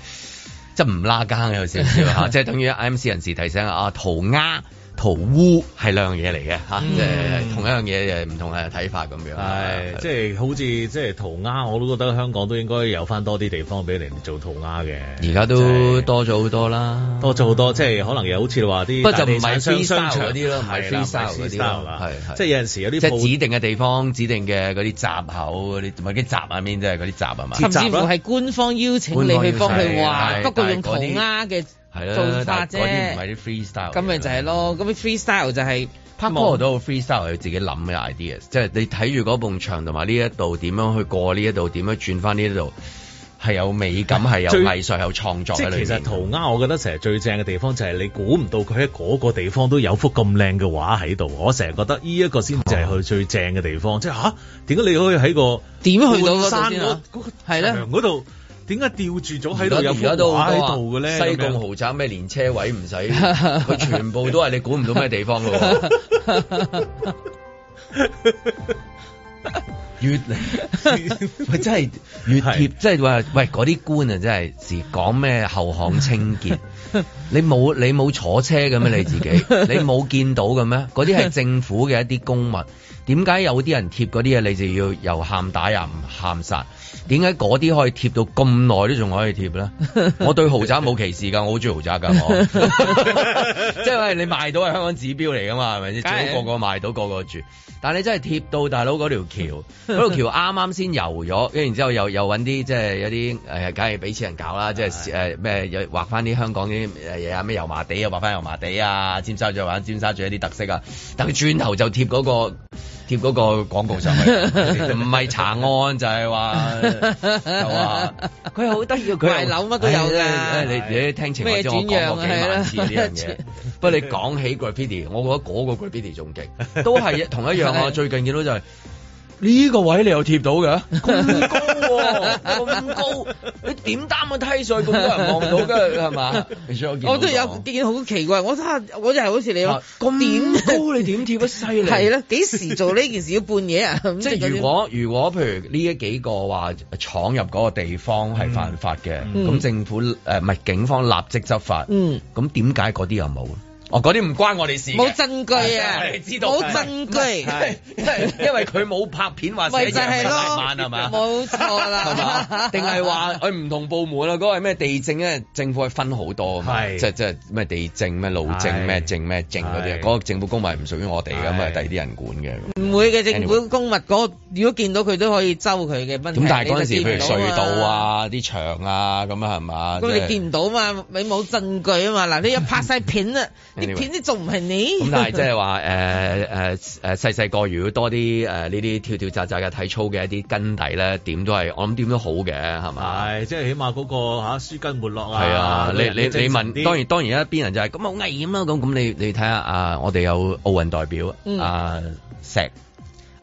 [SPEAKER 1] 係唔拉更有少少吓，即係 等於 MC 人士提醒啊，塗鴉。塗污係兩樣嘢嚟嘅嚇，即係同一樣嘢，誒唔同
[SPEAKER 3] 嘅睇法咁樣。係，即係好似即係塗鴉，我都覺得香港都應該有返多啲地方俾你做塗鴉嘅。
[SPEAKER 1] 而家都多
[SPEAKER 3] 咗好多啦，多咗好多，即係可能又好似
[SPEAKER 1] 你話啲不就唔係商場嗰啲咯，係商場嗰啲。即係有陣時有啲指定嘅地方，指定嘅嗰啲閘口嗰啲，同啲閘下面即係嗰啲閘啊嘛。甚至乎係
[SPEAKER 2] 官方邀請你去幫佢畫，不過用塗鴉嘅。係做嗰啲唔係
[SPEAKER 1] 啲 freestyle。
[SPEAKER 2] 咁咪就係咯，咁啲 freestyle 就係拍 ball 都
[SPEAKER 1] 好 freestyle，要自己諗嘅 idea，即係你睇住嗰埲牆同埋呢一度點樣去過呢一度點樣轉翻呢一度，係有美感，係有藝術，有創作。即係其實塗鴉，我覺得成日最正嘅地方就係你估唔
[SPEAKER 3] 到佢喺嗰個地方都有幅咁靚嘅畫喺度。我成日覺得呢一個先至就係佢最正嘅地方，即係吓，點解你可以喺個點去到個山啊？
[SPEAKER 2] 係呢？
[SPEAKER 1] 度？點解
[SPEAKER 3] 吊住咗喺度而家都好嘅啊！西貢豪
[SPEAKER 1] 宅咩連車位唔使？佢 全部都係你估唔到咩地方喎。 越嚟，真係越貼，即係話喂嗰啲官啊，真係時講咩後巷清潔？你冇你冇坐車嘅咩你自己？你冇見到嘅咩？嗰啲係政府嘅一啲公物。點解有啲人貼嗰啲嘢，你就要又喊打又唔喊殺？點解嗰啲可以貼到咁耐都仲可以貼咧？我對豪宅冇歧視㗎，我好中意豪宅㗎，我即係 你賣到係香港指標嚟㗎嘛，係咪先？最個個賣到，個個住。但係你真係貼到大佬嗰條橋，嗰條橋啱啱先游咗，跟住然之後又又揾啲即係有啲誒，梗係俾錢人搞啦，即係誒咩？又畫翻啲香港啲誒咩油麻地啊，畫翻油麻地啊，尖沙咀畫尖沙咀一啲特色啊。但佢轉頭就貼嗰、嗰個。貼嗰個廣告上去，唔係查案就係話，係
[SPEAKER 2] 嘛？佢好得意，佢賣樓乜都有嘅。你聽情話就講過幾萬次呢樣嘢。不
[SPEAKER 1] 過你講起 graffiti，我覺得嗰個 graffiti 仲勁，都係同一樣啊。最近見到就係。呢個位你又貼到嘅，
[SPEAKER 2] 咁高咁、啊、 高，你點擔個梯上去，咁多人望到嘅係嘛？
[SPEAKER 1] 我都有啲
[SPEAKER 2] 好奇怪，我睇我就係好似你咁，咁、啊、高 你點貼得犀利？係咯， 幾時做呢件事？要半夜啊？ 即係如果
[SPEAKER 1] 如果譬如呢一幾個話闖入嗰個地方係犯法嘅，咁、嗯嗯、政府誒唔係警方立即執法，嗯，咁點解嗰啲又冇？哦，嗰啲唔關我哋事。冇證
[SPEAKER 2] 據啊！知道，冇證據。因為
[SPEAKER 1] 佢冇拍片或者。咪就係咯，冇
[SPEAKER 2] 錯啦，係嘛？定係話佢
[SPEAKER 1] 唔同部門啊？嗰個係咩地政咧？因為政府係分好多啊嘛。即即咩地政咩路政咩政咩政嗰啲？嗰個政府公物係唔屬於我哋噶嘛？第二啲人管嘅。
[SPEAKER 2] 唔會嘅政府公物嗰個，如果見到佢都可以收佢嘅。咁但係嗰陣時，譬如隧道啊、
[SPEAKER 1] 啲牆啊咁啊，係嘛？咁你見唔
[SPEAKER 2] 到嘛？你冇證據啊嘛！嗱，你一拍晒片啊！啲片知仲唔係你？咁 但係即係話
[SPEAKER 1] 誒誒誒細細個月，如果多啲誒呢啲跳跳扎扎嘅體操嘅一啲根底咧，點都係我諗點都好嘅，係咪？係、
[SPEAKER 3] 哎，即係起碼嗰、那個嚇舒筋活絡啊！係啊，啊你你你，你問當然
[SPEAKER 1] 當然一邊人就係咁好危險啦、啊！咁咁你你睇下啊，我哋有奧運代表啊、嗯、石。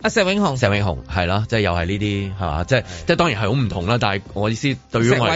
[SPEAKER 1] 阿石永雄，石永雄係啦，即係又係呢啲係嘛？即係即係當然係好唔同啦。但係我意思，對於我嚟講，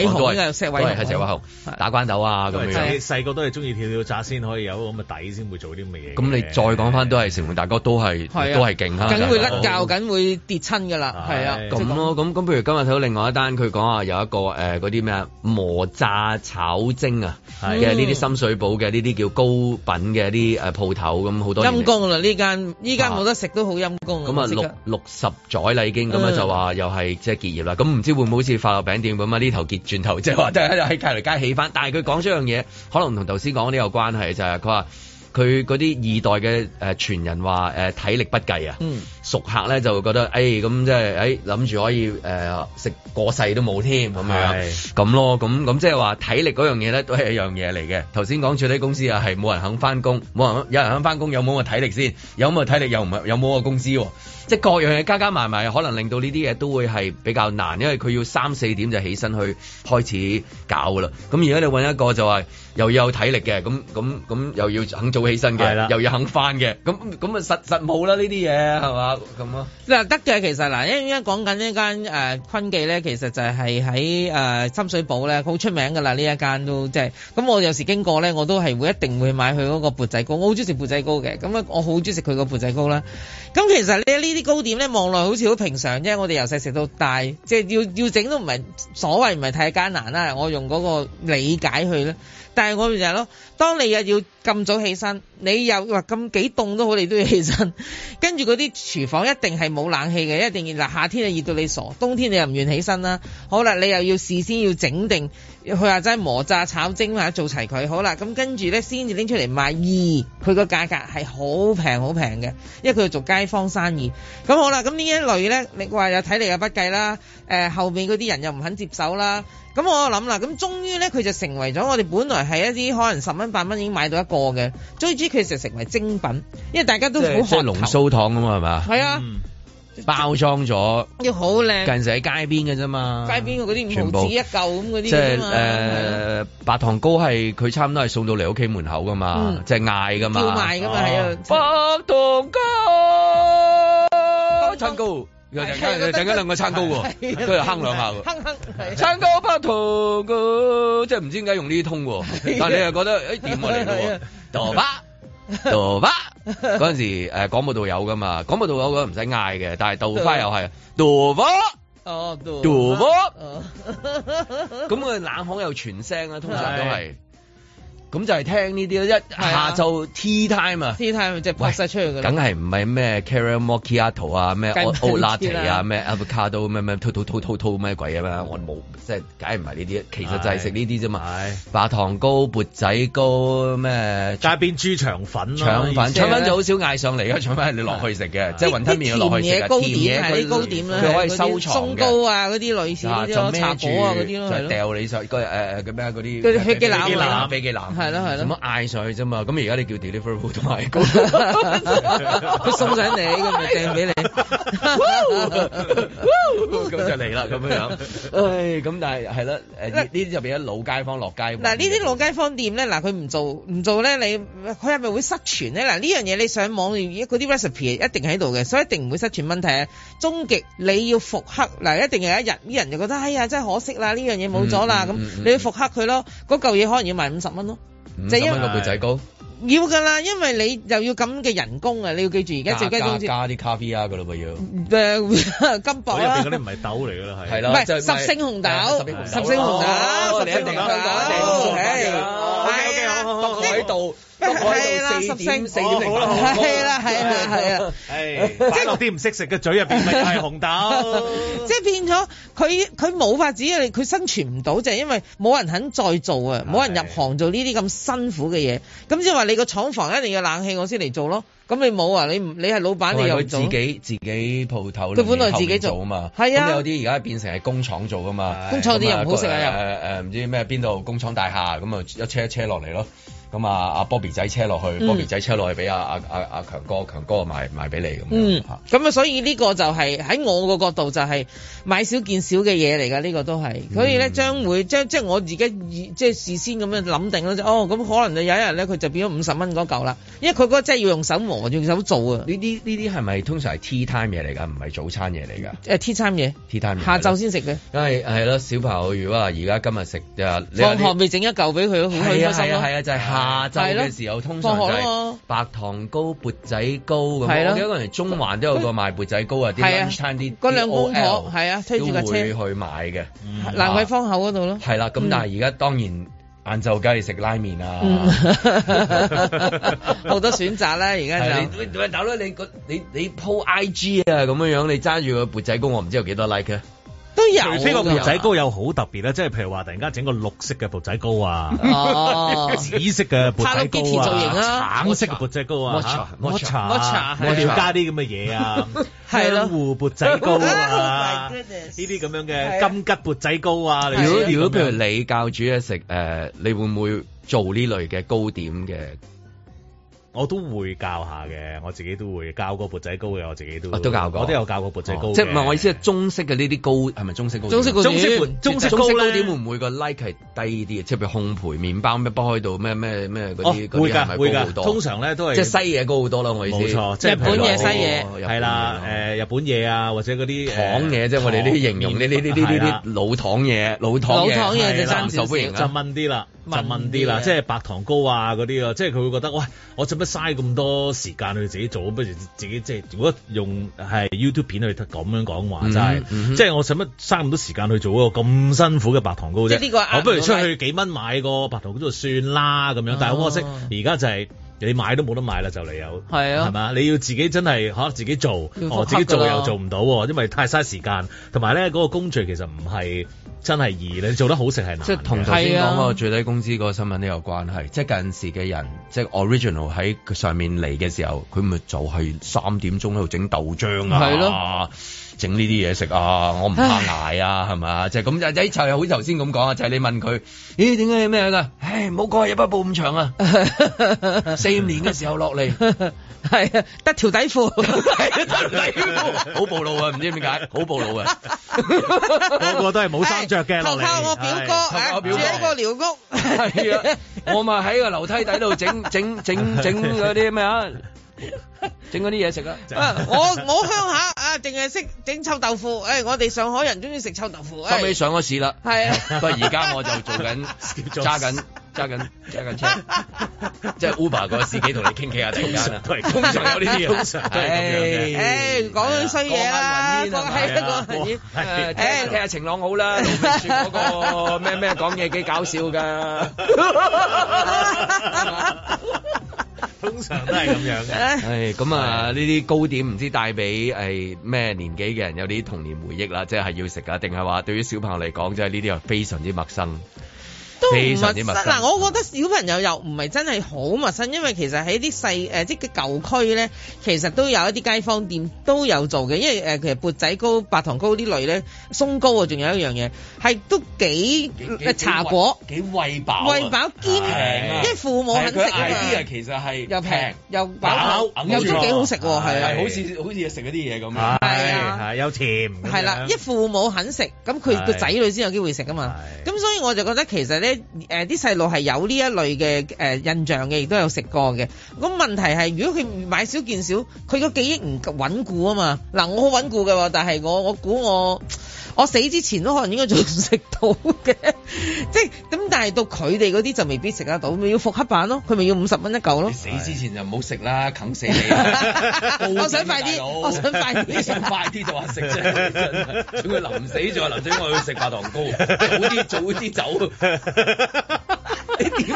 [SPEAKER 1] 石永雄打關斗啊咁樣。
[SPEAKER 3] 細個都係中意跳跳紮先可以有
[SPEAKER 2] 咁嘅底，先會做啲咁嘅
[SPEAKER 1] 嘢。咁你再講返都係成龍大哥都係都係勁啦。梗會甩教，
[SPEAKER 2] 梗會跌親㗎啦，係啊。咁
[SPEAKER 1] 咯，咁咁，譬如今日睇到另外一單，佢講話，有一個誒嗰啲咩啊磨炸炒蒸啊嘅呢啲深水埗嘅呢啲叫高品嘅啲誒鋪頭咁好多。陰功
[SPEAKER 2] 啦，呢間依家冇得食都好陰功。六
[SPEAKER 1] 六十載啦，已經咁樣就話又係、嗯、即係結業啦。咁唔知會唔會好似發樂餅店咁啊？呢頭結轉頭，即係話即喺隔籬街起翻。但係佢講咗一樣嘢，可能同頭先講呢有關係，就是，就係佢話佢嗰啲二代嘅誒傳人話誒體力不濟啊。嗯、熟客咧就會覺得誒咁即係誒諗住可以誒食、呃、過世都冇添咁樣咁是咯。咁咁即係話體力嗰樣嘢咧，都係一樣嘢嚟嘅。頭先講最低工資啊，係冇人肯翻工，冇人有人肯翻工，有冇個體力先？有冇個體力又唔係有冇個工資？即係各樣嘢加加埋埋，可能令到呢啲嘢都會係比較難，因為佢要三四點就起身去開始搞噶啦。咁而家你揾一個就係又要有體力嘅，咁咁咁又要肯早起身嘅，的又要肯返嘅，咁咁啊實實冇啦，呢啲嘢係嘛？
[SPEAKER 2] 咁啊得嘅，其實嗱，因為而家講緊、呃、呢間誒坤記咧，其實就係喺誒深水埗咧，好出名㗎啦呢一間都即係。咁、即係、我有時經過咧，我都係會一定會買佢嗰個缽仔糕，我好中意食缽仔糕嘅。咁我好中意食佢個缽仔糕啦。咁其實呢。啲糕點咧，望落好似好平常啫。我哋由細食到大，即係要要整都唔係所謂，唔係太艱難啦。我用嗰個理解去咧。但係我咪就係咯，當你又要咁早起身，你又話咁幾凍都好，你都要起身。跟住嗰啲廚房一定係冇冷氣嘅，一定嗱，夏天啊，熱到你傻，冬天你又唔願意起身啦。好啦，你又要事先要整定，佢話齋磨炸炒蒸啊，做齊佢。好啦，咁跟住咧先至拎出嚟賣。二佢個價格係好平好平嘅，因為佢做街坊生意。咁好啦，咁呢一類咧，你話又睇你又不計啦。誒、呃、後面嗰啲人又唔肯接手啦。咁我諗啦，咁終於咧佢就成為咗我哋本來係一啲可能十蚊八蚊已經買到一個嘅，最終佢就成為精品，因為大家都好渴求。即係龍鬚
[SPEAKER 1] 糖咁啊，係嘛？係啊，包裝咗，
[SPEAKER 2] 要好靚。近
[SPEAKER 1] 時喺街邊嘅啫嘛，街
[SPEAKER 2] 邊嗰啲五毫紙一舊，咁嗰啲即係誒
[SPEAKER 1] 白糖糕係佢差唔多係送到嚟屋企門口噶嘛，即係嗌噶嘛。要賣噶嘛係啊，
[SPEAKER 2] 白糖糕。
[SPEAKER 1] 又陣間，陣間兩個撐高喎，都係哼兩下喎。哼哼，
[SPEAKER 2] 撐高 b a t 即
[SPEAKER 1] 係唔知點解用呢啲通喎。但係你又覺得，誒點嚟咯？度巴度巴嗰陣時，誒廣播度有㗎嘛？廣播度有，我唔使嗌嘅。但係杜花又係，杜巴
[SPEAKER 2] 哦巴，咁
[SPEAKER 1] 佢冷巷又全聲啦，通常都係。咁就係聽呢啲，一下晝
[SPEAKER 2] tea time，tea time 即係拍曬出去㗎啦。梗係
[SPEAKER 1] 唔係咩 Caramel Macchiato 啊，咩 Olati 啊，咩阿布卡都咩咩 o 咩鬼啊嘛！我冇即係，梗唔係呢啲？其實就係食呢啲啫嘛，白糖糕、缽仔糕咩街邊豬腸粉咯。腸粉、腸粉就好少嗌上嚟㗎，腸粉係你落去食嘅，即係雲吞麵要落去食嘢糕
[SPEAKER 2] 點，你糕點啦，可
[SPEAKER 1] 以收藏糕啊，嗰啲女士，啲咯，啊嗰啲咯，咩啲係啦，係啦，咁樣嗌上去啫嘛。咁而家你叫 delivery 都買過，
[SPEAKER 2] 佢送上嚟，佢咪掟俾
[SPEAKER 1] 你，咁就嚟啦咁樣樣。唉，咁但係係啦，誒呢啲就變咗老街坊落街。嗱，呢啲
[SPEAKER 2] 老街坊店咧，嗱佢唔做唔做咧，你佢係咪會失傳咧？嗱呢樣嘢你上網嗰啲 recipe 一定喺度嘅，所以一定唔會失傳。問題係終極你要復刻嗱，一定有一日啲人就覺得哎呀真係可惜啦，呢樣嘢冇咗啦咁，你要復刻佢咯，嗰嚿嘢可能要賣五十蚊咯。五五蚊個缽仔糕要噶啦，因為你又要咁嘅人工啊，你要記住而家最低工資加
[SPEAKER 1] 啲咖啡啊，噶啦嘛要，
[SPEAKER 2] 誒金箔啦，嗰啲唔係豆嚟噶啦，係係啦，唔係十勝紅豆，十勝紅豆，十勝紅豆，OK OK
[SPEAKER 1] OK OK OK，係，邊度？
[SPEAKER 3] 係啦，四點四零，係啦，係啦，係啊，即係落啲唔識食嘅嘴入邊咪係紅
[SPEAKER 2] 豆，即係變咗佢佢，冇法子，佢生存唔到，就係因為冇人肯再做啊，冇人入行做呢啲咁辛苦嘅嘢。咁即係話你個廠房一定要冷氣我先嚟做咯。咁你冇啊？你你係老闆，你又做？自己
[SPEAKER 1] 自己鋪頭，佢本來自己做啊嘛。係啊。有啲而家變成係工廠做噶嘛？工廠啲又唔好食啊又。誒唔知咩邊度工廠大廈咁啊？就一車一車落嚟咯。咁啊，阿 Bobby 仔車落去，Bobby 仔車落去俾阿阿阿阿強哥，強哥賣賣俾你咁樣，嗯，
[SPEAKER 2] 咁啊，嗯、所以呢個就係、是、喺我個角度就係、是、買少見少嘅嘢嚟㗎，呢、呢個都係。所以咧將會，將即係我而家即係事先咁樣諗定啦，哦咁可能有一日咧佢就變咗五十蚊嗰嚿啦，因為佢嗰個真係要用手磨，要用手做啊。呢啲呢啲係咪通常係 tea time 嘢嚟㗎？唔
[SPEAKER 1] 係早餐嘢嚟㗎？誒 tea time 嘢，tea time 下晝先食嘅。梗係係咯，小朋友如果話而家今日食啊，旁旁
[SPEAKER 2] 邊整一嚿俾佢，好開心
[SPEAKER 1] 啊就係下晝嘅時候通常就白糖糕、缽仔糕咁咯。而家可能中環都有個賣缽仔糕啊，啲咁樣，攤啲嗰兩公婆係啊，推住架車去買嘅。蘭桂
[SPEAKER 2] 坊口嗰度咯。係啦，咁但係而
[SPEAKER 1] 家當然晏晝梗係食拉麵啊，
[SPEAKER 2] 好多選擇啦。而家就
[SPEAKER 1] 你你你 po IG 啊，咁樣樣你揸住個缽仔糕，我唔知有幾多 like 啊。
[SPEAKER 2] 都有。呢個缽仔
[SPEAKER 1] 糕有好特別咧，即係譬如話
[SPEAKER 3] 突然間整個綠色嘅缽仔糕啊，紫色嘅缽仔糕啊，橙色嘅缽仔糕啊，抹茶抹茶抹茶，我哋要加啲咁嘅嘢啊，
[SPEAKER 2] 香芋
[SPEAKER 1] 缽仔糕啊，
[SPEAKER 3] 呢啲咁樣嘅金桔缽仔糕啊。如果如果譬如
[SPEAKER 1] 你教煮嘢食，誒，你會唔會做呢類嘅糕點嘅？
[SPEAKER 3] 我都會教下嘅，我自己都會教個缽仔糕嘅，我自己都都教過，我都有教個
[SPEAKER 1] 缽仔糕。即係唔係我意思係中式嘅呢啲糕係咪中式糕？中式糕點中式中式糕點會唔會個 like 係低啲即係譬如烘焙麵包咩，包開到咩咩咩嗰啲嗰啲係咪高好多？通常咧都係即係西嘢高好多啦，我意思。冇錯，日本嘢西嘢係啦，誒日本嘢啊或者嗰啲糖嘢即係我哋呢啲形容呢啲呢啲呢啲老糖嘢老糖嘢。老糖
[SPEAKER 3] 嘢就難受歡迎就悶啲啦，就悶啲啦，即係白糖糕啊嗰啲啊，即係佢會覺得喂。我使乜嘥咁多時間去自己做？不如自己即係，如果用係 YouTube 片去咁樣講話，真係、嗯，嗯、即係我使乜嘥咁多時間去做一個咁辛苦嘅白糖糕啫？即係呢、呢個、我不如出去幾蚊買個白糖糕就算啦咁樣。但係可惜，而家就係、是。你買都冇得買啦，就嚟有係啊，係嘛？你要自己真係嚇、啊、自己做、哦，自己做又做唔
[SPEAKER 1] 到，因為太嘥時間。同埋咧，嗰、嗰個工序其實唔係真係易，你做得好食係難。即同頭先講個最低工資嗰個新聞都有關係。啊、即係近時嘅人，即係 original 喺上面嚟嘅時候，佢咪就係三點鐘喺度整豆漿啊。係啊。整呢啲嘢食啊，我唔怕挨啊，係咪？即係咁就一齊好似頭先咁講啊，就係你問佢，咦？點解咩噶？唉，冇計，一步布咁長啊，四年嘅時候落嚟，係啊，得條底褲，得條底褲，好暴露啊！唔知點解，好暴露啊！
[SPEAKER 2] 個個都係
[SPEAKER 1] 冇衫着嘅落嚟，靠我表哥住喺個
[SPEAKER 2] 寮屋，係啊，
[SPEAKER 1] 我咪喺個樓梯底度整整整整嗰啲咩啊？整嗰啲嘢食啊！我
[SPEAKER 2] 我鄉下啊，淨係識整臭豆腐。誒，我哋上海人中意食臭豆腐。收尾
[SPEAKER 1] 上個市啦。係啊。不過而家我就做緊揸緊揸緊揸緊車，即係 Uber 個司機同你傾偈啊！大家。通常通常有呢啲嘢，通常都
[SPEAKER 2] 係講衰嘢啊！講下雲煙啊！誒，聽下晴朗好啦。嗰個咩
[SPEAKER 1] 咩講嘢幾搞笑噶。 通常都係咁樣嘅，係咁、哎、啊！呢啲糕點唔知帶俾哎咩年紀嘅人有啲童年回憶啦，即、就、係、是、要食啊定係話對於小朋友嚟講，即係呢啲係非常之陌生。
[SPEAKER 2] 都唔陌生嗱，我覺得小朋友又唔係真係好陌生，因為其實喺啲細誒即係舊區咧，其實都有一啲街坊店都有做嘅，因為誒其實缽仔糕、白糖糕啲類咧，鬆糕啊，仲有一樣嘢係都幾茶果幾餵飽餵飽
[SPEAKER 1] 兼平，因為父母肯食啊啲啊其實係
[SPEAKER 2] 又平又飽又都幾好食喎，係啊，好似
[SPEAKER 1] 好似食嗰啲嘢
[SPEAKER 3] 咁啊，係啊，
[SPEAKER 2] 又甜係啦，一父母肯食，咁佢個仔女先有機會食啊嘛，咁所以我就覺得其實咧。誒，啲細路係有呢一類嘅誒、啊、印象嘅，亦都有食過嘅。咁問題係，如果佢買少見少，佢個記憶唔穩固啊嘛。嗱、啊，我好穩固嘅，但係我我估我。我我死之前都可能應該仲食到嘅，即係噉。但係到佢哋嗰啲就未必食得到，咪要復刻版咯？佢咪要五十蚊一嚿咯？死之前就唔好食啦，啃死你、
[SPEAKER 1] 啊！ 我想快啲，大佬 我想快啲，想快啲就話食啫，真係！佢臨死就話臨死我去食白糖糕，早啲早啲走， 你點咬？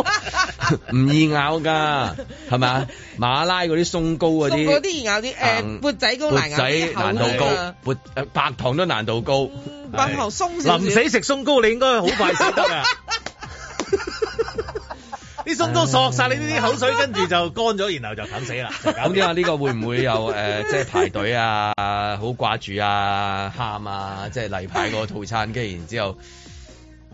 [SPEAKER 1] 啊？唔易咬噶，係咪啊？馬拉嗰啲鬆糕嗰啲，嗰啲易咬啲，誒缽仔糕難咬啲，難
[SPEAKER 2] 度高，
[SPEAKER 1] 缽誒白糖都難度。高，
[SPEAKER 3] 然後、呃、是鬆，臨死食
[SPEAKER 1] 鬆糕，你應該好
[SPEAKER 3] 快食得㗎，啲 鬆糕索晒你啲啲口水，呃、跟住就乾咗，然後就冚死啦。
[SPEAKER 1] 咁點啊？呢、這個會唔會有？誒、 呃，即、就、係、是、排隊啊，好掛住啊，喊啊，即係例牌個套餐跟住然後之後。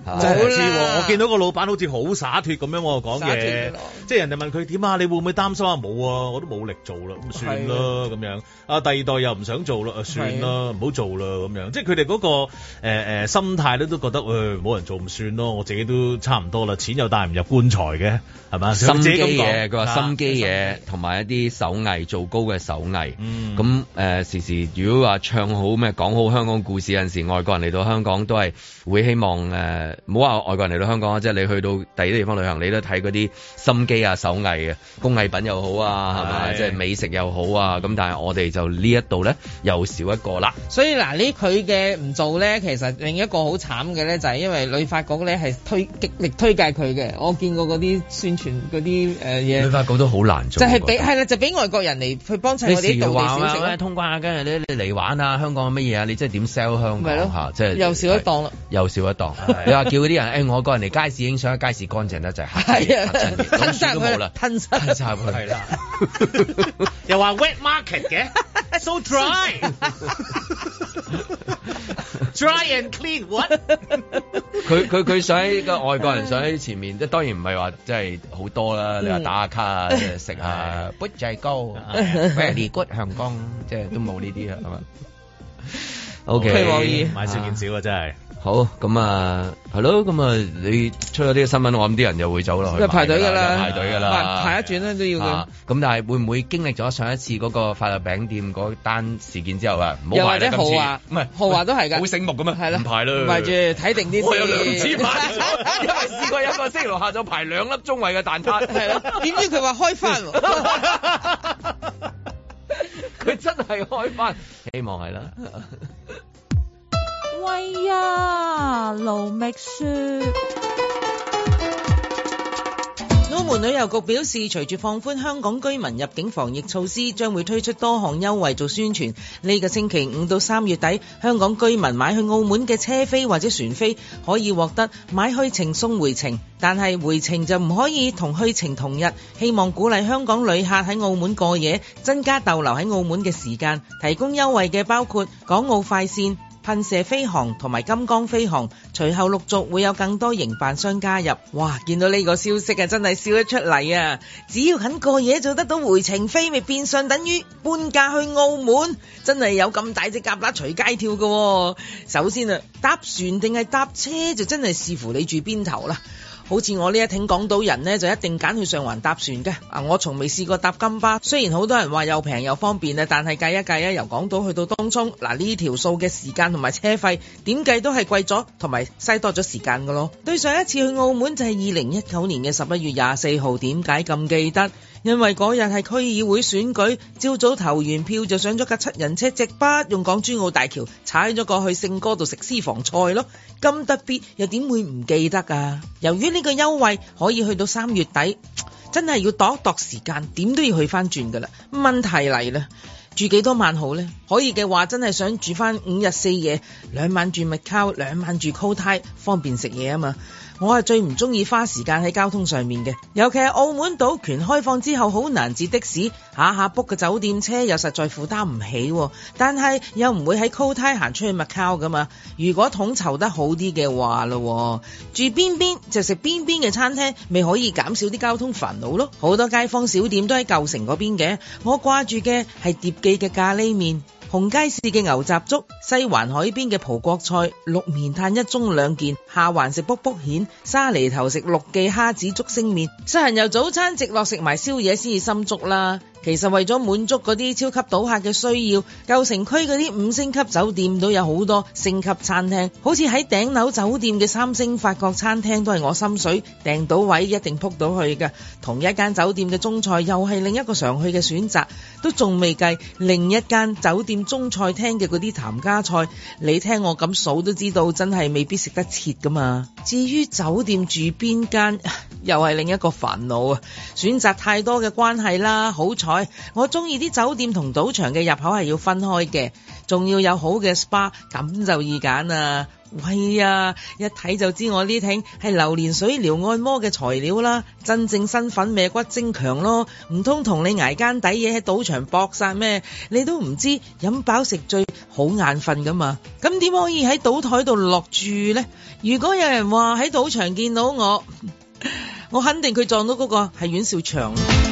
[SPEAKER 3] 就好喎，我見到個老闆好似好灑脱咁樣喎，講嘢，即係人哋問佢點啊？你會唔會擔心啊？冇啊，我都冇力做啦，咁算啦咁的樣。啊，第二代又唔想做啦，啊算啦，唔好的做啦咁樣。即係佢哋嗰個誒、呃、心態咧，都覺得誒冇、欸、人做唔算咯，我自己都差唔多啦，錢又帶唔入棺材嘅，係嘛？心機嘢，佢話心機嘢，
[SPEAKER 1] 同埋、啊、一啲手藝做高嘅手藝。手藝嗯，咁誒、呃、時時，如果話唱好咩講好香港故事，有陣時外國人嚟到香港都係。會希望誒，唔好話外國人嚟到香港啊，即係你去到第二啲地方旅行，你都睇嗰啲心機啊、手藝啊、工藝品又好啊，係嘛？即係美食又好啊。咁、嗯、但係我哋就呢一度咧，又少一個啦。
[SPEAKER 2] 所以嗱，呢佢嘅唔做咧，其實另一個好慘嘅咧，就係、係、因為旅發局咧係推極力推介佢嘅。我見過嗰啲宣傳嗰啲
[SPEAKER 1] 誒嘢，旅、呃、發局都好難做就，就係俾
[SPEAKER 2] 啦，就俾外國人嚟去幫襯我哋當地小食咧，
[SPEAKER 1] 通關啊，跟住你嚟玩啊，香港乜嘢啊？你即係點 sell 香港嚇即係又少一檔啦。又少一檔， 你話叫嗰啲人，誒、欸，外國人嚟街市影相，街市乾淨得滯，係啊，老鼠都冇啦，吞晒佢，係 啦
[SPEAKER 3] 又話 wet market 嘅，so dry，dry dry and clean，what？
[SPEAKER 1] 佢 佢佢想喺個外國人想喺前面，即當然唔係話即係好多啦，你話打下卡、就是、吃下卡啊，即係食下 budget 高，very、 really、good，香港即係、就是、都冇呢啲啦，係嘛？O.K. 買少見少啊，真係。好咁啊，係咯，咁啊，你出咗啲新聞，我諗啲人就會走落去。都排隊㗎啦，排隊㗎啦。排一轉都要。咁但係會唔會經歷咗上一次嗰個法律餅店嗰單事件之後啊？
[SPEAKER 2] 又或者豪華，唔係豪華都係㗎。會醒目㗎嘛？係咯，唔排啦。唔排住，睇定啲先。我又有唔止排。試過有個星期六下晝排兩粒鐘位嘅蛋撻，係咯？點知佢話開翻佢真係開返，希望係啦。喂呀，盧覓雪。澳門旅遊局表示，隨住放寬香港居民入境防疫措施，將會推出多項優惠做宣傳。呢個星期五到三月底，香港居民買去澳門嘅車飛或者船飛，可以獲得買去程送回程，但係回程就唔可以同去程同日。希望鼓勵香港旅客喺澳門過夜，增加逗留喺澳門嘅時間。提供優惠嘅包括港澳快線。噴射飛航同埋金剛飛航，隨後陸續會有更多營辦商加入。哇，見到呢個消息啊，真係笑得出嚟啊！只要肯過夜，做得到回程飛，咪變相等於半價去澳門。真係有咁大隻蛤乸隨街跳嘅。首先啊，搭船定係搭車，就真係視乎你住邊頭啦。好似我呢一聽港島人呢，就一定揀去上環搭船嘅。啊，我從未試過搭金巴，雖然好多人話又平又方便啊，但係計一計由港島去到東涌，嗱、啊、呢條數嘅時間同埋車費，點計都係貴咗同埋嘥多咗時間嘅咯。對上一次去澳門，就係二零一九年嘅十一月廿四號，點解咁記得？因為嗰日係區議會選舉，朝早投完票就上咗架七人車直巴，用港珠澳大橋踩咗過去聖哥度食私房菜咯，咁特別又點會唔記得啊？由於呢個優惠可以去到三月底，真係要度一度時間，點都要去翻轉噶啦。問題嚟啦，住幾多晚好呢？可以嘅話，真係想住翻五日四夜，兩晚住 Macau，兩晚住 Co-Tie，方便食嘢啊嘛。我係最唔中意花時間喺交通上面嘅，尤其係澳門賭權開放之後，好難截的士，下下 book 嘅酒店車又實在負擔唔起。但係又唔會喺 Cotai 行出去 Macau 㗎嘛。如果統籌得好啲嘅話咯，住邊邊就食邊邊嘅餐廳，咪可以減少啲交通煩惱咯。好多街坊小店都喺舊城嗰邊嘅，我掛住嘅係碟記嘅咖喱麵。紅街市嘅牛雜粥，西環海邊嘅葡國菜，六棉嘆一盅兩件，下環食卜卜蜆，沙梨頭食六記蝦子粥、竹升麵，實行由早餐直落食埋宵夜先至心足啦。其實為咗滿足嗰啲超級賭客嘅需要，舊城區嗰啲五星級酒店都有好多星級餐廳，好似喺頂樓酒店嘅三星法國餐廳都係我心水，訂到位一定撲到去嘅。同一間酒店嘅中菜又係另一個常去嘅選擇，都仲未計另一間酒店中菜廳嘅嗰啲譚家菜，你聽我咁數都知道，真係未必食得切㗎嘛。至於酒店住邊間，又係另一個煩惱啊，選擇太多嘅關係啦，好彩。我中意啲酒店同賭場嘅入口係要分開嘅，仲要有好嘅 SPA，咁就易揀啦。喂呀，一睇就知我呢廳係榴蓮水療按摩嘅材料啦，真正身份咩骨精強咯。唔通同你挨間底嘢喺賭場搏殺咩？你都唔知飲飽食醉好眼瞓噶嘛？咁點可以喺賭台度落注呢？如果有人話喺賭場見到我，我肯定佢撞到嗰個係阮兆祥。